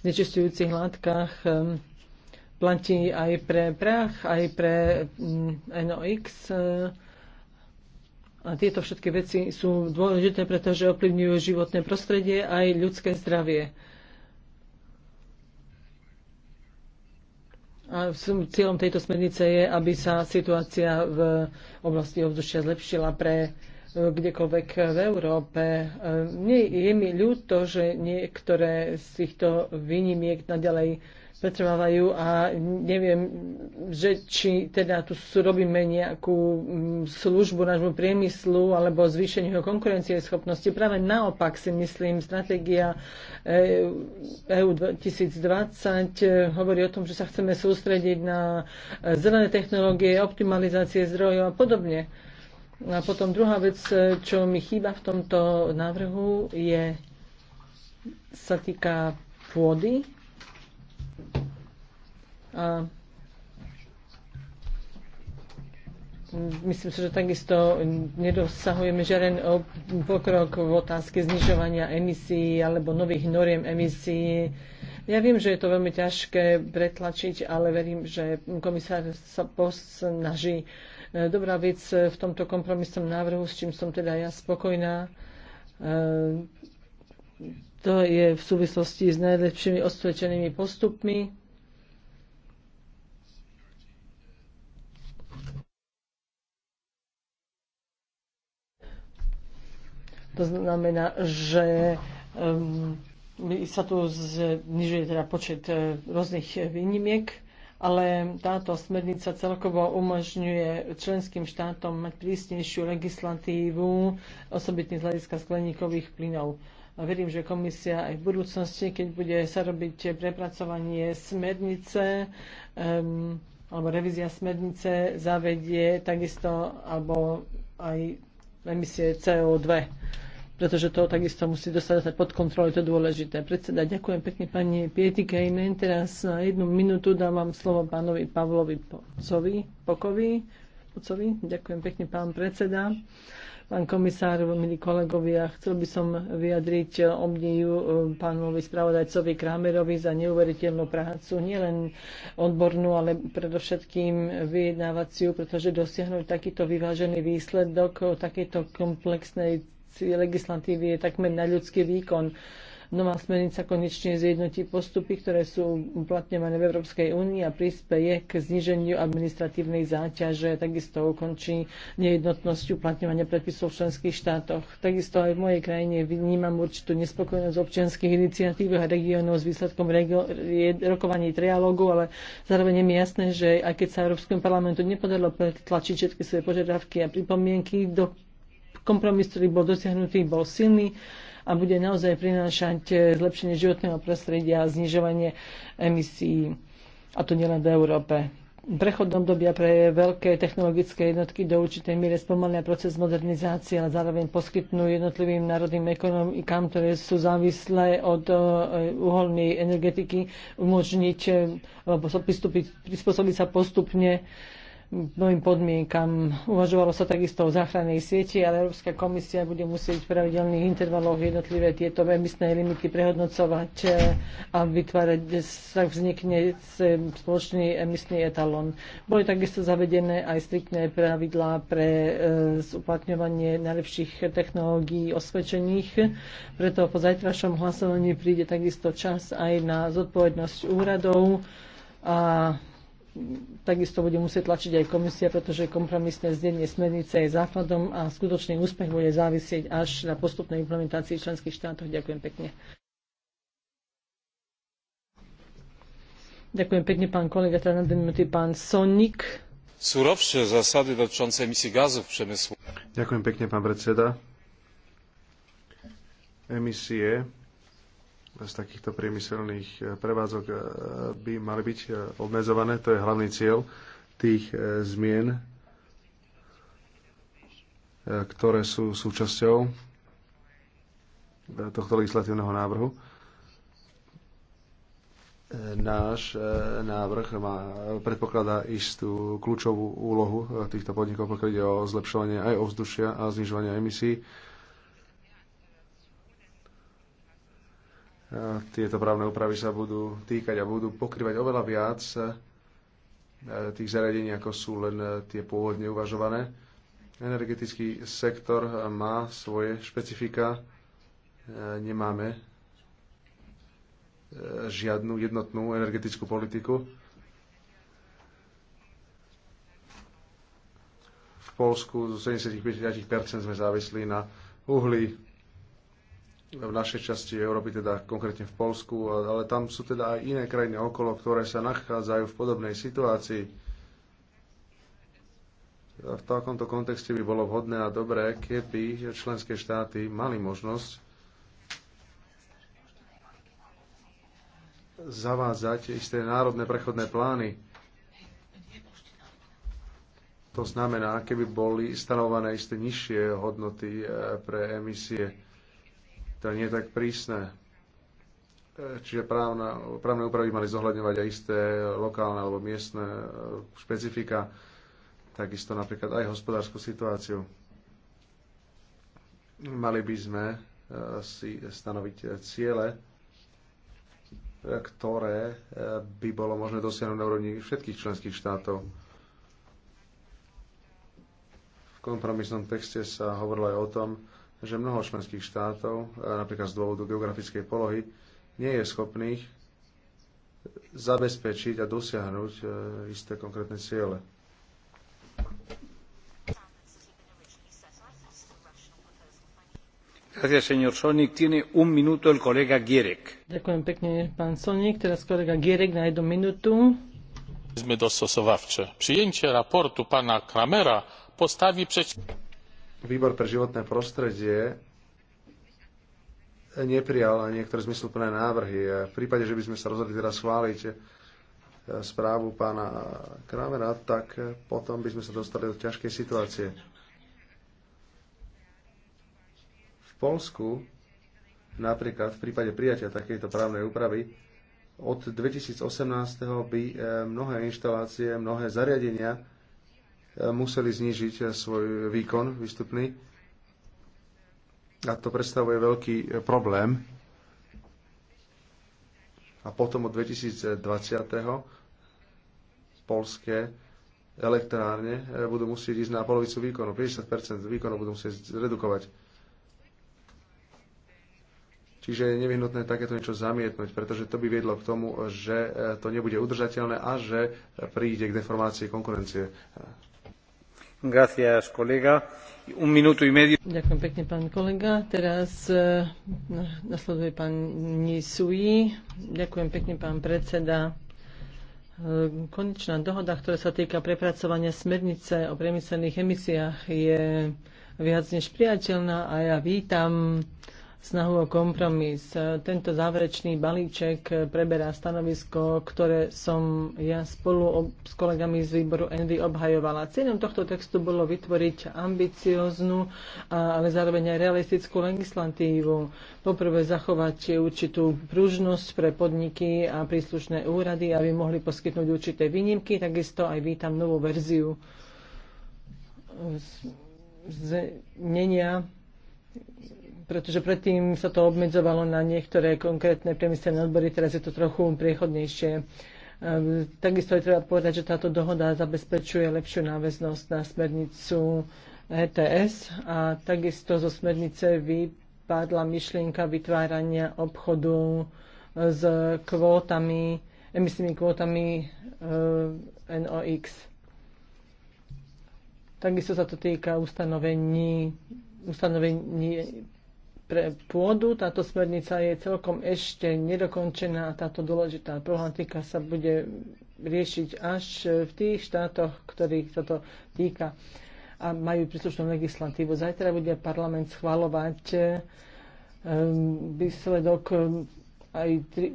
znečistujúcich látkach eh, platí aj pre prach, aj pre mm, NOx. Eh, a tieto všetky veci sú dôležité, pretože ovplyvňujú životné prostredie aj ľudské zdravie. A cieľom tejto smernice je, aby sa situácia v oblasti ovzdušia zlepšila pre kdekoľvek v Európe. Nie, je mi ľúto, že niektoré z týchto výnimiek naďalej pretrvávajú a neviem, že či teda tu robíme nejakú mm, službu nášmu priemyslu alebo zvýšeniu konkurencie schopnosti. Práve naopak si myslím, stratégia EU e 2020 e, hovorí o tom, že sa chceme sústrediť na e, zelené technológie, optimalizácie zdrojov a podobne. No a potom druhá vec, e, čo mi chýba v tomto návrhu, je, sa týka pôdy. A myslím si, že takisto nedosahujeme žiaden pokrok v otázke znižovania emisí alebo nových noriem emisí. Ja viem, že je to veľmi ťažké pretlačiť, ale verím, že komisár sa posnaží dobrá vec v tomto kompromisnom návrhu, s čím som teda ja spokojná. E, to je v súvislosti s najlepšími osvedčenými postupmi. To znamená, že um, sa tu znižuje teda počet e, rôznych e, výnimiek ale táto smernica celkovo umožňuje členským štátom mať prísnejšiu legislatívu, osobitne z hľadiska skleníkových plynov. A verím, že komisia aj v budúcnosti, keď bude sa robiť prepracovanie smernice um, alebo revízia smernice, zavedie takisto alebo aj emisie CO2 pretože to takisto musí dostať pod kontrolu, to je dôležité. Predseda, ďakujem pekne pani Pietikejnen. Teraz na jednu minútu dávam slovo pánovi Pavlovi Pocovi. Pokovi. Pocovi. Ďakujem pekne, pán predseda. Pán komisár, milí kolegovia, chcel by som vyjadriť obdivu eh, pánovi spravodajcovi Kramerovi za neuveriteľnú prácu, nielen odbornú, ale predovšetkým vyjednávaciu, pretože dosiahnuť takýto vyvážený výsledok eh, takejto komplexnej legislatívy je takmer na ľudský výkon. Nová smernica konečne zjednotí postupy, ktoré sú uplatňované v Európskej únii a prispeje k zniženiu administratívnej záťaže. Takisto ukončí nejednotnosť uplatňovania predpisov v členských štátoch. Takisto aj v mojej krajine vnímam určitú nespokojnosť občianských iniciatív a regiónov s výsledkom regio- rokovaní trialógu, ale zároveň je mi jasné, že aj keď sa Európskom parlamentu nepodarilo pretlačiť všetky svoje požiadavky a pripomienky, do kompromis, ktorý bol dosiahnutý, bol silný a bude naozaj prinášať eh, zlepšenie životného prostredia a znižovanie emisí, a to nielen v Európe. Prechodom dobia pre veľké technologické jednotky do určitej miery spomalia proces modernizácie, ale zároveň poskytnú jednotlivým národným ekonomikám, ktoré sú závislé od eh, uholnej energetiky, umožniť eh, alebo prispôsobiť sa postupne novým podmienkam. Uvažovalo sa takisto o záchrannej sieti, ale Európska komisia bude musieť v pravidelných intervaloch jednotlivé tieto emisné limity prehodnocovať eh, a vytvárať, eh, sa vznikne eh, spoločný emisný etalón. Boli takisto zavedené aj striktné pravidlá pre uplatňovanie najlepších technológií osvedčených, preto po zajtrašom hlasovaní príde takisto čas aj na zodpovednosť úradov a takisto bude musieť tlačiť aj komisia, pretože kompromisné zdenie smernice je základom a skutočný úspech bude závisieť až na postupnej implementácii členských štátov. Ďakujem pekne. Ďakujem pekne, pán kolega, teda na minúty pán Sonik. Súrovšie zásady zasady dotyczące emisji v przemysłowych. Ďakujem pekne, pán predseda. Emisie z takýchto priemyselných e, prevádzok e, by mali byť e, obmedzované. To je hlavný cieľ tých zmien, ktoré sú súčasťou tohto legislatívneho návrhu. Náš návrh má, predpokladá istú kľúčovú úlohu týchto podnikov, pokiaľ ide o zlepšovanie aj ovzdušia a znižovanie emisí tieto právne úpravy sa budú týkať a budú pokrývať oveľa viac e, tých zariadení, ako sú len e, tie pôvodne uvažované. Energetický sektor má svoje špecifika. E, nemáme žiadnu jednotnú energetickú politiku. V Polsku z 75% sme závislí na uhlí, v našej časti Európy, teda konkrétne v Polsku, ale tam sú teda aj iné krajiny okolo, ktoré sa nachádzajú v podobnej situácii. V takomto kontexte by bolo vhodné a dobré, keby členské štáty mali možnosť zavádzať isté národné prechodné plány. To znamená, keby boli stanované isté nižšie hodnoty eh, pre emisie to nie je tak prísne. E, čiže právna, právne úpravy mali zohľadňovať aj isté lokálne alebo miestne e, špecifika, takisto napríklad aj hospodárskú situáciu. Mali by sme e, si stanoviť ciele, ktoré by bolo možné dosiahnuť na úrovni všetkých členských štátov. V kompromisnom texte sa hovorilo aj o tom, že mnoho členských štátov, e, napríklad z dôvodu geografickej polohy, nie je schopných zabezpečiť a dosiahnuť e, isté konkrétne ciele. Ďakujem pekne, pán Sonik. Teraz kolega Gierek na jednu minútu. Sme dostosovavče. Přijenče raportu pana Kramera postaví przeciw Výbor pre životné prostredie neprijal niektoré zmysluplné návrhy. V prípade, že by sme sa rozhodli teraz schváliť e, správu pána Kramera, tak e, potom by sme sa dostali do ťažkej situácie. V Polsku napríklad v prípade prijatia takejto právnej úpravy od 2018. by e, mnohé inštalácie, mnohé zariadenia museli znížiť eh, svoj výkon výstupný. A to predstavuje veľký eh, problém. A potom od 2020. polské elektrárne eh, budú musieť ísť na polovicu výkonu. 50% výkonu budú musieť zredukovať. Čiže je nevyhnutné takéto niečo zamietnúť, pretože to by viedlo k tomu, že to nebude udržateľné a že príde k deformácii konkurencie. Ďakujem pekne, pán kolega. Teraz e, Ďakujem pekne, pán predseda. E, konečná dohoda, ktorá sa týka prepracovania smernice o priemyselných emisiách, je viac než priateľná a ja vítam snahu o kompromis. Tento záverečný balíček preberá stanovisko, ktoré som ja spolu s kolegami z výboru Envy obhajovala. Cieľom tohto textu bolo vytvoriť ambicióznu, ale zároveň aj realistickú legislatívu. Poprvé zachovať určitú pružnosť pre podniky a príslušné úrady, aby mohli poskytnúť určité výnimky. Takisto aj vítam novú verziu znenia pretože predtým sa to obmedzovalo na niektoré konkrétne priemyselné odbory, teraz je to trochu priechodnejšie. Ehm, takisto je treba povedať, že táto dohoda zabezpečuje lepšiu náväznosť na smernicu ETS a takisto zo smernice vypadla myšlienka vytvárania obchodu e, s kvótami, emisnými kvótami e, NOx. Takisto sa to týka ustanovení ustanovení pre pôdu. Táto smernica je celkom ešte nedokončená. Táto dôležitá problematika sa bude riešiť až v tých štátoch, ktorých sa to týka a majú príslušnú legislatívu. Zajtra bude parlament schvalovať ehm, výsledok ehm, aj tri,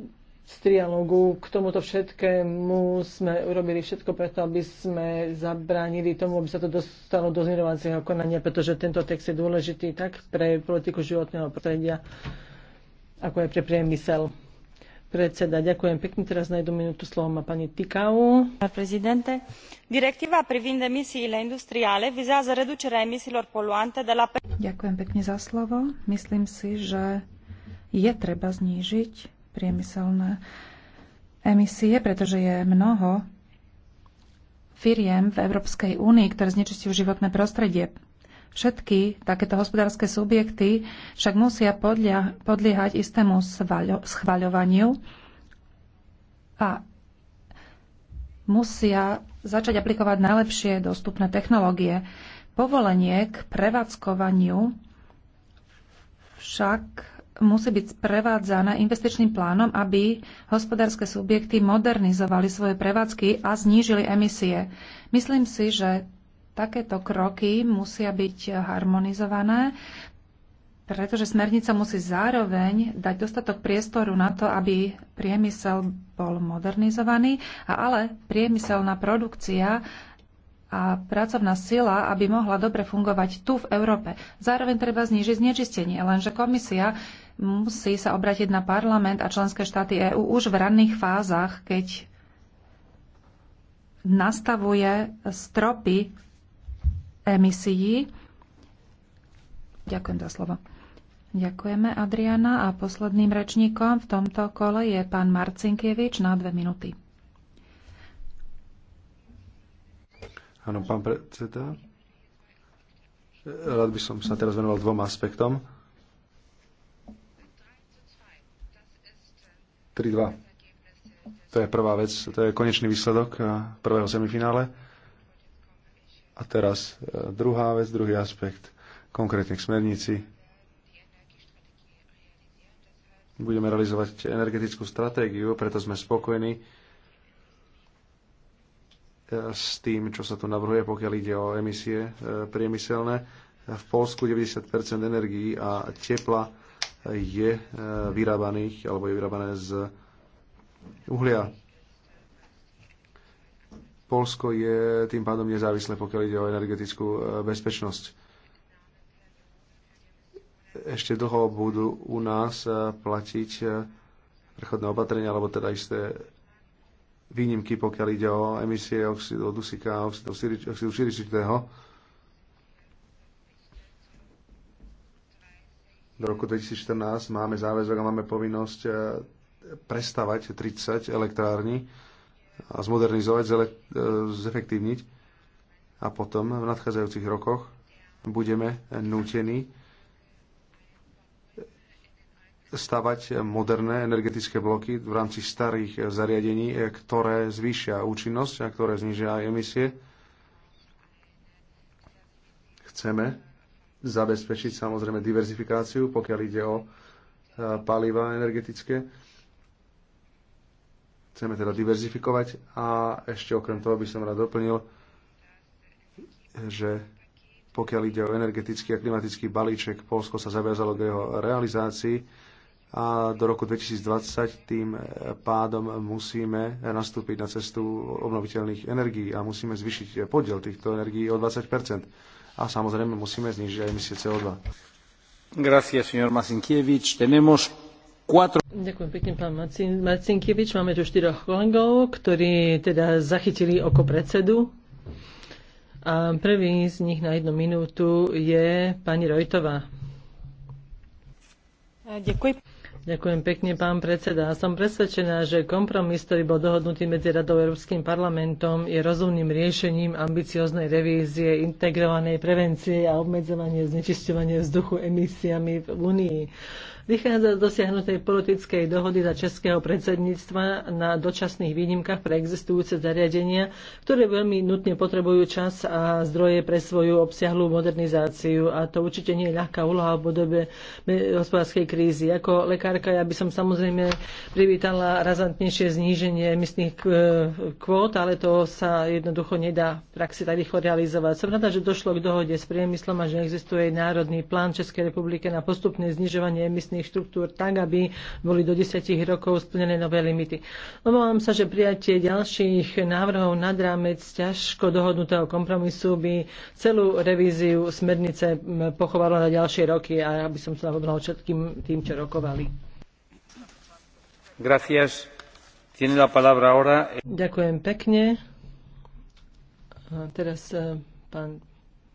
z trialógu. K tomuto všetkému sme urobili všetko preto, aby sme zabránili tomu, aby sa to dostalo do zmierovacieho konania, pretože tento text je dôležitý tak pre politiku životného prostredia, ako aj pre priemysel. Predseda, ďakujem pekne. Teraz na jednu minútu slovo má pani Tikau. Prezidente, direktíva privind emisiile industriale vizează reducerea emisiilor poluante de la... Ďakujem pekne za slovo. Myslím si, že je treba znížiť priemyselné emisie, pretože je mnoho firiem v Európskej únii, ktoré znečistujú životné prostredie. Všetky takéto hospodárske subjekty však musia podľa, podliehať istému schvaľovaniu a musia začať aplikovať najlepšie dostupné technológie. Povolenie k prevádzkovaniu však musí byť prevádzana investičným plánom, aby hospodárske subjekty modernizovali svoje prevádzky a znížili emisie. Myslím si, že takéto kroky musia byť harmonizované, pretože smernica musí zároveň dať dostatok priestoru na to, aby priemysel bol modernizovaný, a ale priemyselná produkcia a pracovná sila, aby mohla dobre fungovať tu v Európe. Zároveň treba znížiť znečistenie, lenže komisia musí sa obratiť na parlament a členské štáty EÚ už v ranných fázach, keď nastavuje stropy emisií. Ďakujem za slovo. Ďakujeme, Adriana. A posledným rečníkom v tomto kole je pán Marcinkievič na dve minúty. Áno, pán predseda. Rád by som sa teraz venoval dvom aspektom 3-2. To je prvá vec, to je konečný výsledok eh, prvého semifinále. A teraz eh, druhá vec, druhý aspekt konkrétnych smerníci. Budeme realizovať energetickú stratégiu, preto sme spokojní eh, s tým, čo sa tu navrhuje, pokiaľ ide o emisie priemyselné. V Polsku 90 energií a tepla je eh, vyrábaných alebo je vyrábané z uhlia. Polsko je tým pádom nezávislé, pokiaľ ide o energetickú eh, bezpečnosť. Ešte dlho budú u nás eh, platiť prechodné opatrenia, alebo teda isté výnimky, pokiaľ ide o emisie oxidu dusíka a oxidu oxidu do roku 2014 máme záväzok a máme povinnosť e, prestavať 30 elektrární a zmodernizovať, e, zefektívniť. A potom v nadchádzajúcich rokoch budeme nútení stavať moderné energetické bloky v rámci starých zariadení, e, ktoré zvýšia účinnosť a ktoré znižia emisie. Chceme zabezpečiť samozrejme diverzifikáciu, pokiaľ ide o e, paliva energetické. Chceme teda diverzifikovať a ešte okrem toho by som rád doplnil, že pokiaľ ide o energetický a klimatický balíček, Polsko sa zaviazalo k jeho realizácii a do roku 2020 tým e, pádom musíme nastúpiť na cestu obnoviteľných energií a musíme zvyšiť e, podiel týchto energií o 20 a samozrejme musíme znižiť aj emisie CO2. Ďakujem pekne, pán Marcinkievič. Máme tu štyroch kolegov, ktorí teda zachytili oko predsedu. A prvý z nich na jednu minútu je pani Rojtová. Ďakujem. Ďakujem pekne, pán predseda. Som presvedčená, že kompromis, ktorý bol dohodnutý medzi Radou Európskym parlamentom, je rozumným riešením ambicioznej revízie integrovanej prevencie a obmedzovanie znečisťovania vzduchu emisiami v Únii. Vychádza z dosiahnutej politickej dohody za českého predsedníctva na dočasných výnimkách pre existujúce zariadenia, ktoré veľmi nutne potrebujú čas a zdroje pre svoju obsiahlú modernizáciu. A to určite nie je ľahká úloha v podobe hospodárskej krízy. Ako lekárka ja by som samozrejme privítala razantnejšie zníženie emisných e, kvót, ale to sa jednoducho nedá v praxi tak rýchlo realizovať. Som rada, že došlo k dohode s priemyslom a že existuje národný plán Českej republiky na postupné znižovanie emisných miestnych štruktúr tak, aby boli do 10 rokov splnené nové limity. Obávam sa, že prijatie ďalších návrhov nad rámec ťažko dohodnutého kompromisu by celú revíziu smernice pochovalo na ďalšie roky a aby som sa obral všetkým tým, čo rokovali. Gracias. Tiene la palabra ahora. Ďakujem pekne. A teraz e, pán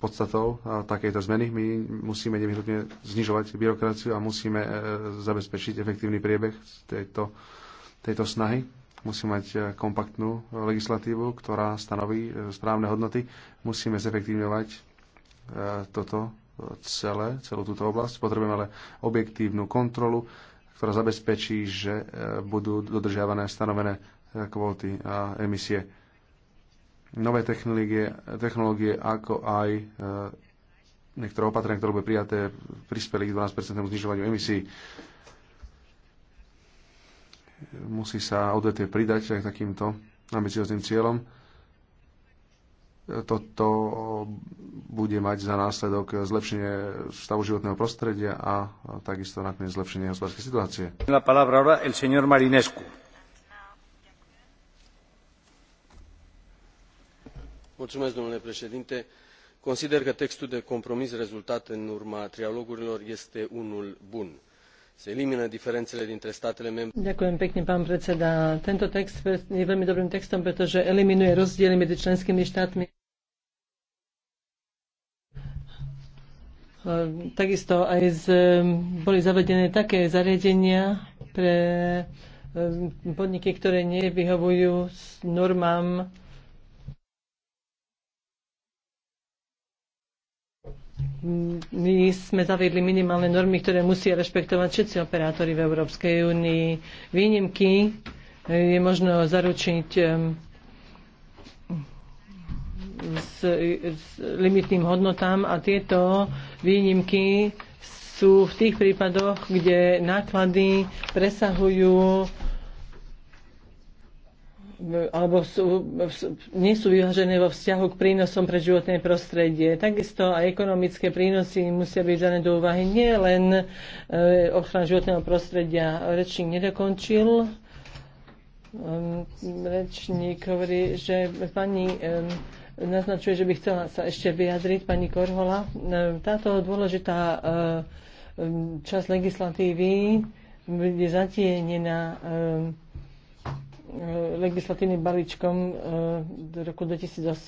podstatou takejto zmeny. My musíme nevyhnutne znižovať byrokraciu a musíme e, zabezpečiť efektívny priebeh tejto, tejto snahy. Musíme mať e, kompaktnú e, legislatívu, ktorá stanoví správne hodnoty. Musíme zefektívňovať toto celé, celú túto oblasť. Potrebujeme ale objektívnu kontrolu, ktorá zabezpečí, že budú dodržiavané stanovené kvóty a emisie nové technológie, technológie ako aj e, niektoré opatrenia, ktoré boli prijaté, prispeli k 12% znižovaniu emisí. Musí sa odvetie pridať aj k takýmto ambiciozným cieľom. Toto bude mať za následok zlepšenie stavu životného prostredia a takisto nakoniec zlepšenie hospodárskej situácie. La palabra ahora el señor Marinescu. consider că textul de compromis rezultat în urma trialogurilor este unul bun. se elimină diferenele dintre statele membre tento text je veľmi dobrým pretože eliminuje členskými štátmi Takisto aj z, boli zavedené také zariadenia pre eh, podniky, ktoré nevyhovujú normám my sme zaviedli minimálne normy, ktoré musia rešpektovať všetci operátori v Európskej únii. Výnimky eh, je možno zaručiť s, s limitným hodnotám a tieto výnimky sú v tých prípadoch, kde náklady presahujú alebo sú, nie sú vyvážené vo vzťahu k prínosom pre životné prostredie. Takisto aj ekonomické prínosy musia byť vzané do úvahy nie len e, ochrana životného prostredia. Rečník nedokončil. Rečník hovorí, že pani naznačuje, že by chcela sa ešte vyjadriť, pani Korhola. Táto dôležitá e, časť legislatívy bude zatienená Eh, legislatívnym balíčkom do eh, roku 2018,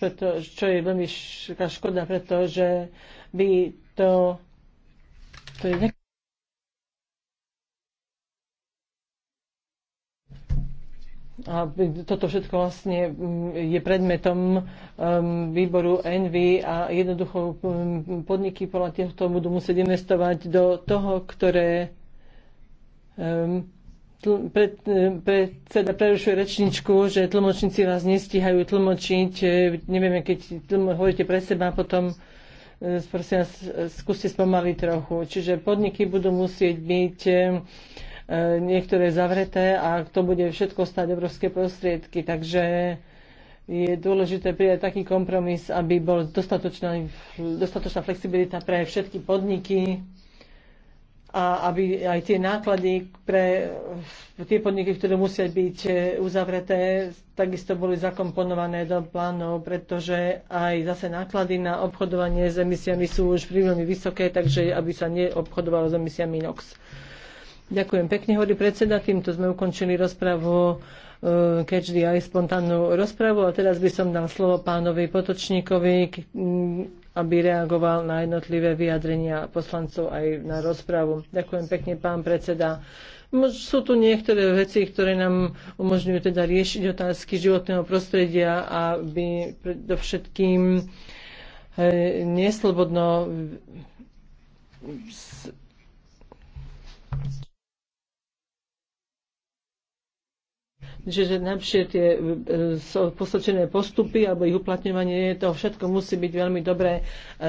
preto, čo je veľmi škoda, pretože by to, to je nek- A toto všetko vlastne mm, je predmetom um, výboru Envy a jednoducho mm, podniky podľa tohto budú musieť investovať do toho, ktoré um, pre e, predseda prerušuje rečničku, že tlmočníci vás nestíhajú tlmočiť. E, Nevieme, keď tlmo, hovoríte pre seba, potom e, prosím vás, skúste spomaliť trochu. Čiže podniky budú musieť byť niektoré zavreté a to bude všetko stať obrovské prostriedky. Takže je dôležité prijať taký kompromis, aby bol dostatočná, dostatočná flexibilita pre všetky podniky a aby aj tie náklady pre tie podniky, ktoré musia byť e, uzavreté, takisto boli zakomponované do plánov, pretože aj zase náklady na obchodovanie s emisiami sú už veľmi vysoké, takže aby sa neobchodovalo s emisiami NOx. Ďakujem pekne, hovorí predseda. Týmto sme ukončili rozpravu eh, Catch aj spontánnu rozpravu. A teraz by som dal slovo pánovi Potočníkovi, mm, aby reagoval na jednotlivé vyjadrenia poslancov aj na rozpravu. Ďakujem pekne, pán predseda. Sú tu niektoré veci, ktoré nám umožňujú teda riešiť otázky životného prostredia, aby predovšetkým eh, neslobodno že, že najlepšie tie e, e, posvedčené postupy alebo ich uplatňovanie, to všetko musí byť veľmi dobre e,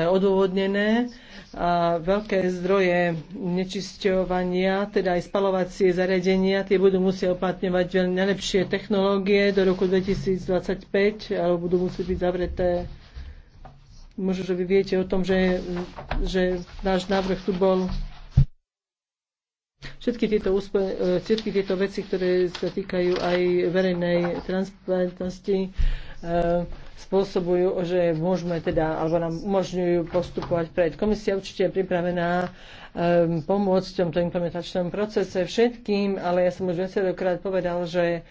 odôvodnené. A veľké zdroje nečisťovania, teda aj spalovacie zariadenia, tie budú musieť uplatňovať veľmi najlepšie technológie do roku 2025 alebo budú musieť byť zavreté možno, že vy viete o tom, že, že náš návrh tu bol Všetky tieto, úspe, e, všetky tieto veci, ktoré sa týkajú aj verejnej transparentnosti, e, spôsobujú, že môžeme teda, alebo nám umožňujú postupovať pred. Komisia určite je pripravená e, pomôcť v tomto implementačnom procese všetkým, ale ja som už viacerokrát povedal, že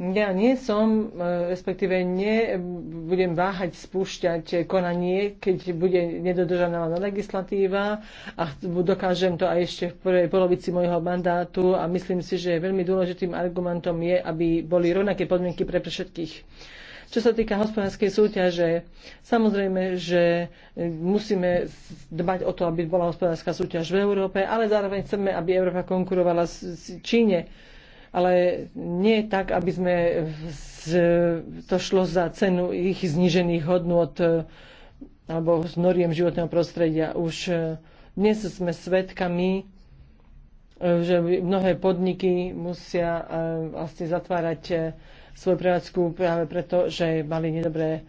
ja nie som, e, respektíve nebudem váhať spúšťať konanie, keď bude nedodržaná legislatíva a dokážem to aj ešte v prvej polovici môjho mandátu a myslím si, že veľmi dôležitým argumentom je, aby boli rovnaké podmienky pre všetkých. Čo sa týka hospodárskej súťaže, samozrejme, že e, musíme dbať o to, aby bola hospodárska súťaž v Európe, ale zároveň chceme, aby Európa konkurovala s Číne ale nie tak, aby sme z, to šlo za cenu ich znižených hodnot e, alebo s noriem životného prostredia. Už e, dnes sme svedkami, e, že mnohé podniky musia vlastne zatvárať svoju prevádzku práve preto, že mali nedobré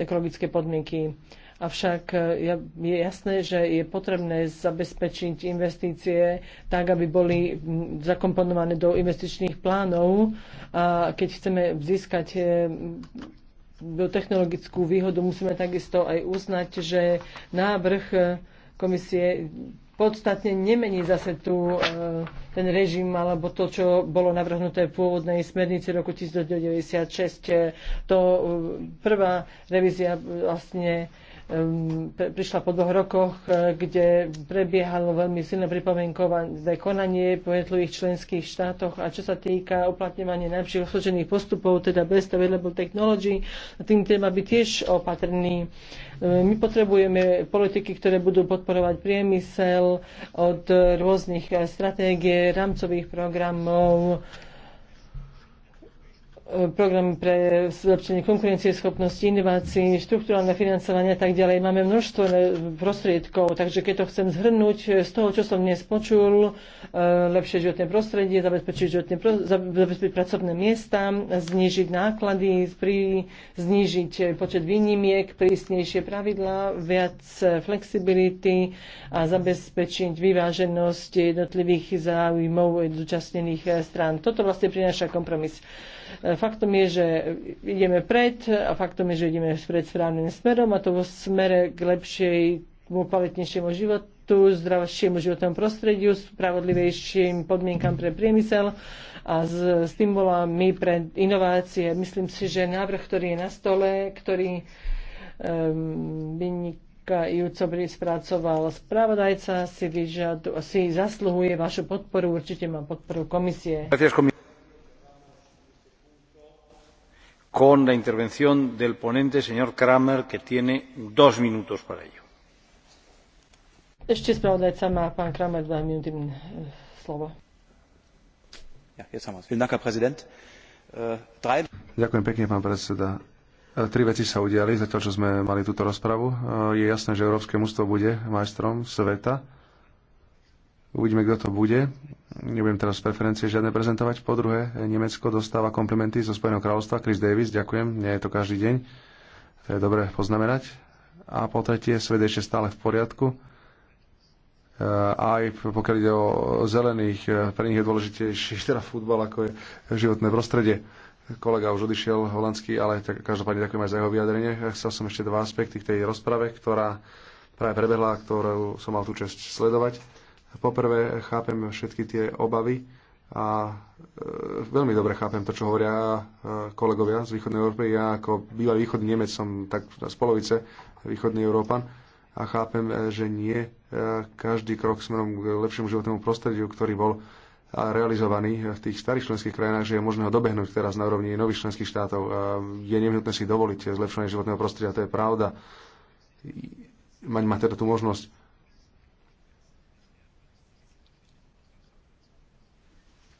ekologické podmienky. Avšak e, je jasné, že je potrebné zabezpečiť investície tak, aby boli zakomponované do investičných plánov. A keď chceme získať e, technologickú výhodu, musíme takisto aj uznať, že návrh e, komisie podstatne nemení zase tu ten režim alebo to, čo bolo navrhnuté v pôvodnej smernici roku 1996. To prvá revízia vlastne prišla po dvoch rokoch, eh, kde prebiehalo veľmi silné pripomienkové konanie po jednotlivých členských štátoch a čo sa týka uplatňovania najlepších osvedčených postupov, teda Best Available Technology, tým treba byť tiež opatrný. My potrebujeme politiky, ktoré budú podporovať priemysel od rôznych eh, stratégie, rámcových programov, program pre zlepšenie konkurencie schopnosti, inovácií, štruktúrálne financovanie a tak ďalej. Máme množstvo e, prostriedkov, takže keď to chcem zhrnúť e, z toho, čo som dnes počul, e, lepšie životné prostredie, zabezpečiť, životné, zabezpečiť pracovné miesta, znížiť náklady, pri, znížiť počet výnimiek, prísnejšie pravidlá, viac flexibility a zabezpečiť vyváženosť jednotlivých záujmov zúčastnených strán. Toto vlastne prináša kompromis. Faktom je, že ideme pred a faktom je, že ideme pred správnym smerom a to vo smere k lepšej, kvalitnejšiemu životu, zdravšiemu životnému prostrediu, spravodlivejším podmienkam pre priemysel a s tým my pre inovácie. Myslím si, že návrh, ktorý je na stole, ktorý um, ehm, vynik vynikajúco spracoval spravodajca, si, vyžadu, si zasluhuje vašu podporu, určite má podporu komisie. Gracias, con la intervención del ponente señor Kramer, que tiene dos minutos para ello. Ešte spravodajca má pán Kramer dva minúty mm, slovo. Ja, jetzt haben wir's. Dank, Herr Präsident. Äh, Ďakujem pekne, pán predseda. Äh, tri veci sa udiali, zatiaľ čo sme mali túto rozpravu. Äh, je jasné, že Európske mužstvo bude majstrom sveta Uvidíme, kto to bude. Nebudem teraz preferencie žiadne prezentovať. Po druhé, Nemecko dostáva komplimenty zo Spojeného kráľovstva. Chris Davis, ďakujem. Nie je to každý deň. To je dobre poznamenať. A po tretie, svet ešte stále v poriadku. Aj pokiaľ ide o zelených, pre nich je dôležitejší teda futbal, ako je životné prostredie kolega už odišiel holandský, ale tak, každopádne ďakujem aj za jeho vyjadrenie. Chcel som ešte dva aspekty k tej rozprave, ktorá práve prebehla, ktorú som mal tú čest sledovať. Poprvé chápem všetky tie obavy a e, veľmi dobre chápem to, čo hovoria e, kolegovia z východnej Európy. Ja ako bývalý východný Nemec som tak z polovice východný Európan a chápem, e, že nie každý krok smerom k lepšiemu životnému prostrediu, ktorý bol realizovaný v tých starých členských krajinách, že je možné ho dobehnúť teraz na úrovni nových členských štátov. Je nevyhnutné si dovoliť zlepšovanie životného prostredia, to je pravda. Mať má teda tú možnosť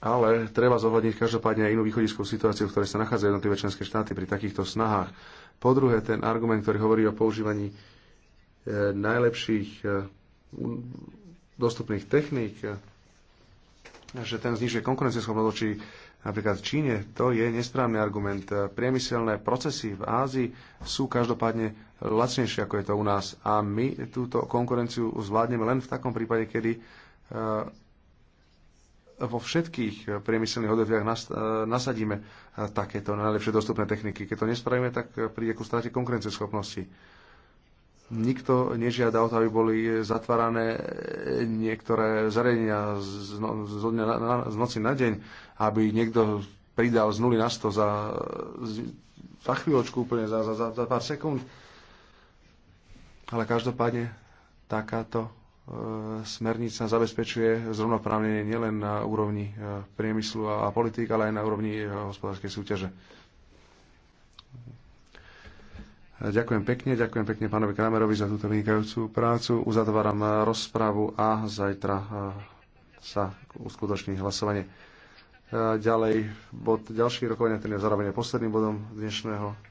ale treba zohľadniť každopádne aj inú východiskovú situáciu, v ktorej sa nachádzajú jednotlivé členské štáty pri takýchto snahách. Po druhé, ten argument, ktorý hovorí o používaní e, najlepších e, dostupných techník, e, že ten znižuje konkurencieschopnosť voči napríklad v Číne, to je nesprávny argument. Priemyselné procesy v Ázii sú každopádne lacnejšie, ako je to u nás. A my túto konkurenciu zvládneme len v takom prípade, kedy vo všetkých eh, priemyselných odvetviach eh, nasadíme eh, takéto najlepšie dostupné techniky. Keď to nespravíme, tak príde ku strate konkurenceschopnosti. Nikto nežiada o to, aby boli zatvárané niektoré zariadenia z, no, z, na, z noci na deň, aby niekto pridal z nuly na 100 za, za chvíľočku úplne, za, za, za, za pár sekúnd. Ale každopádne takáto E, smernica zabezpečuje zrovnoprávnenie nielen na úrovni e, priemyslu a politík, ale aj na úrovni e, hospodárskej súťaže. Ďakujem pekne, ďakujem pekne pánovi Kramerovi za túto vynikajúcu prácu. Uzatváram rozpravu a zajtra sa uskutoční hlasovanie. Ďalej, bod ďalší rokovania, ten je zároveň posledným bodom dnešného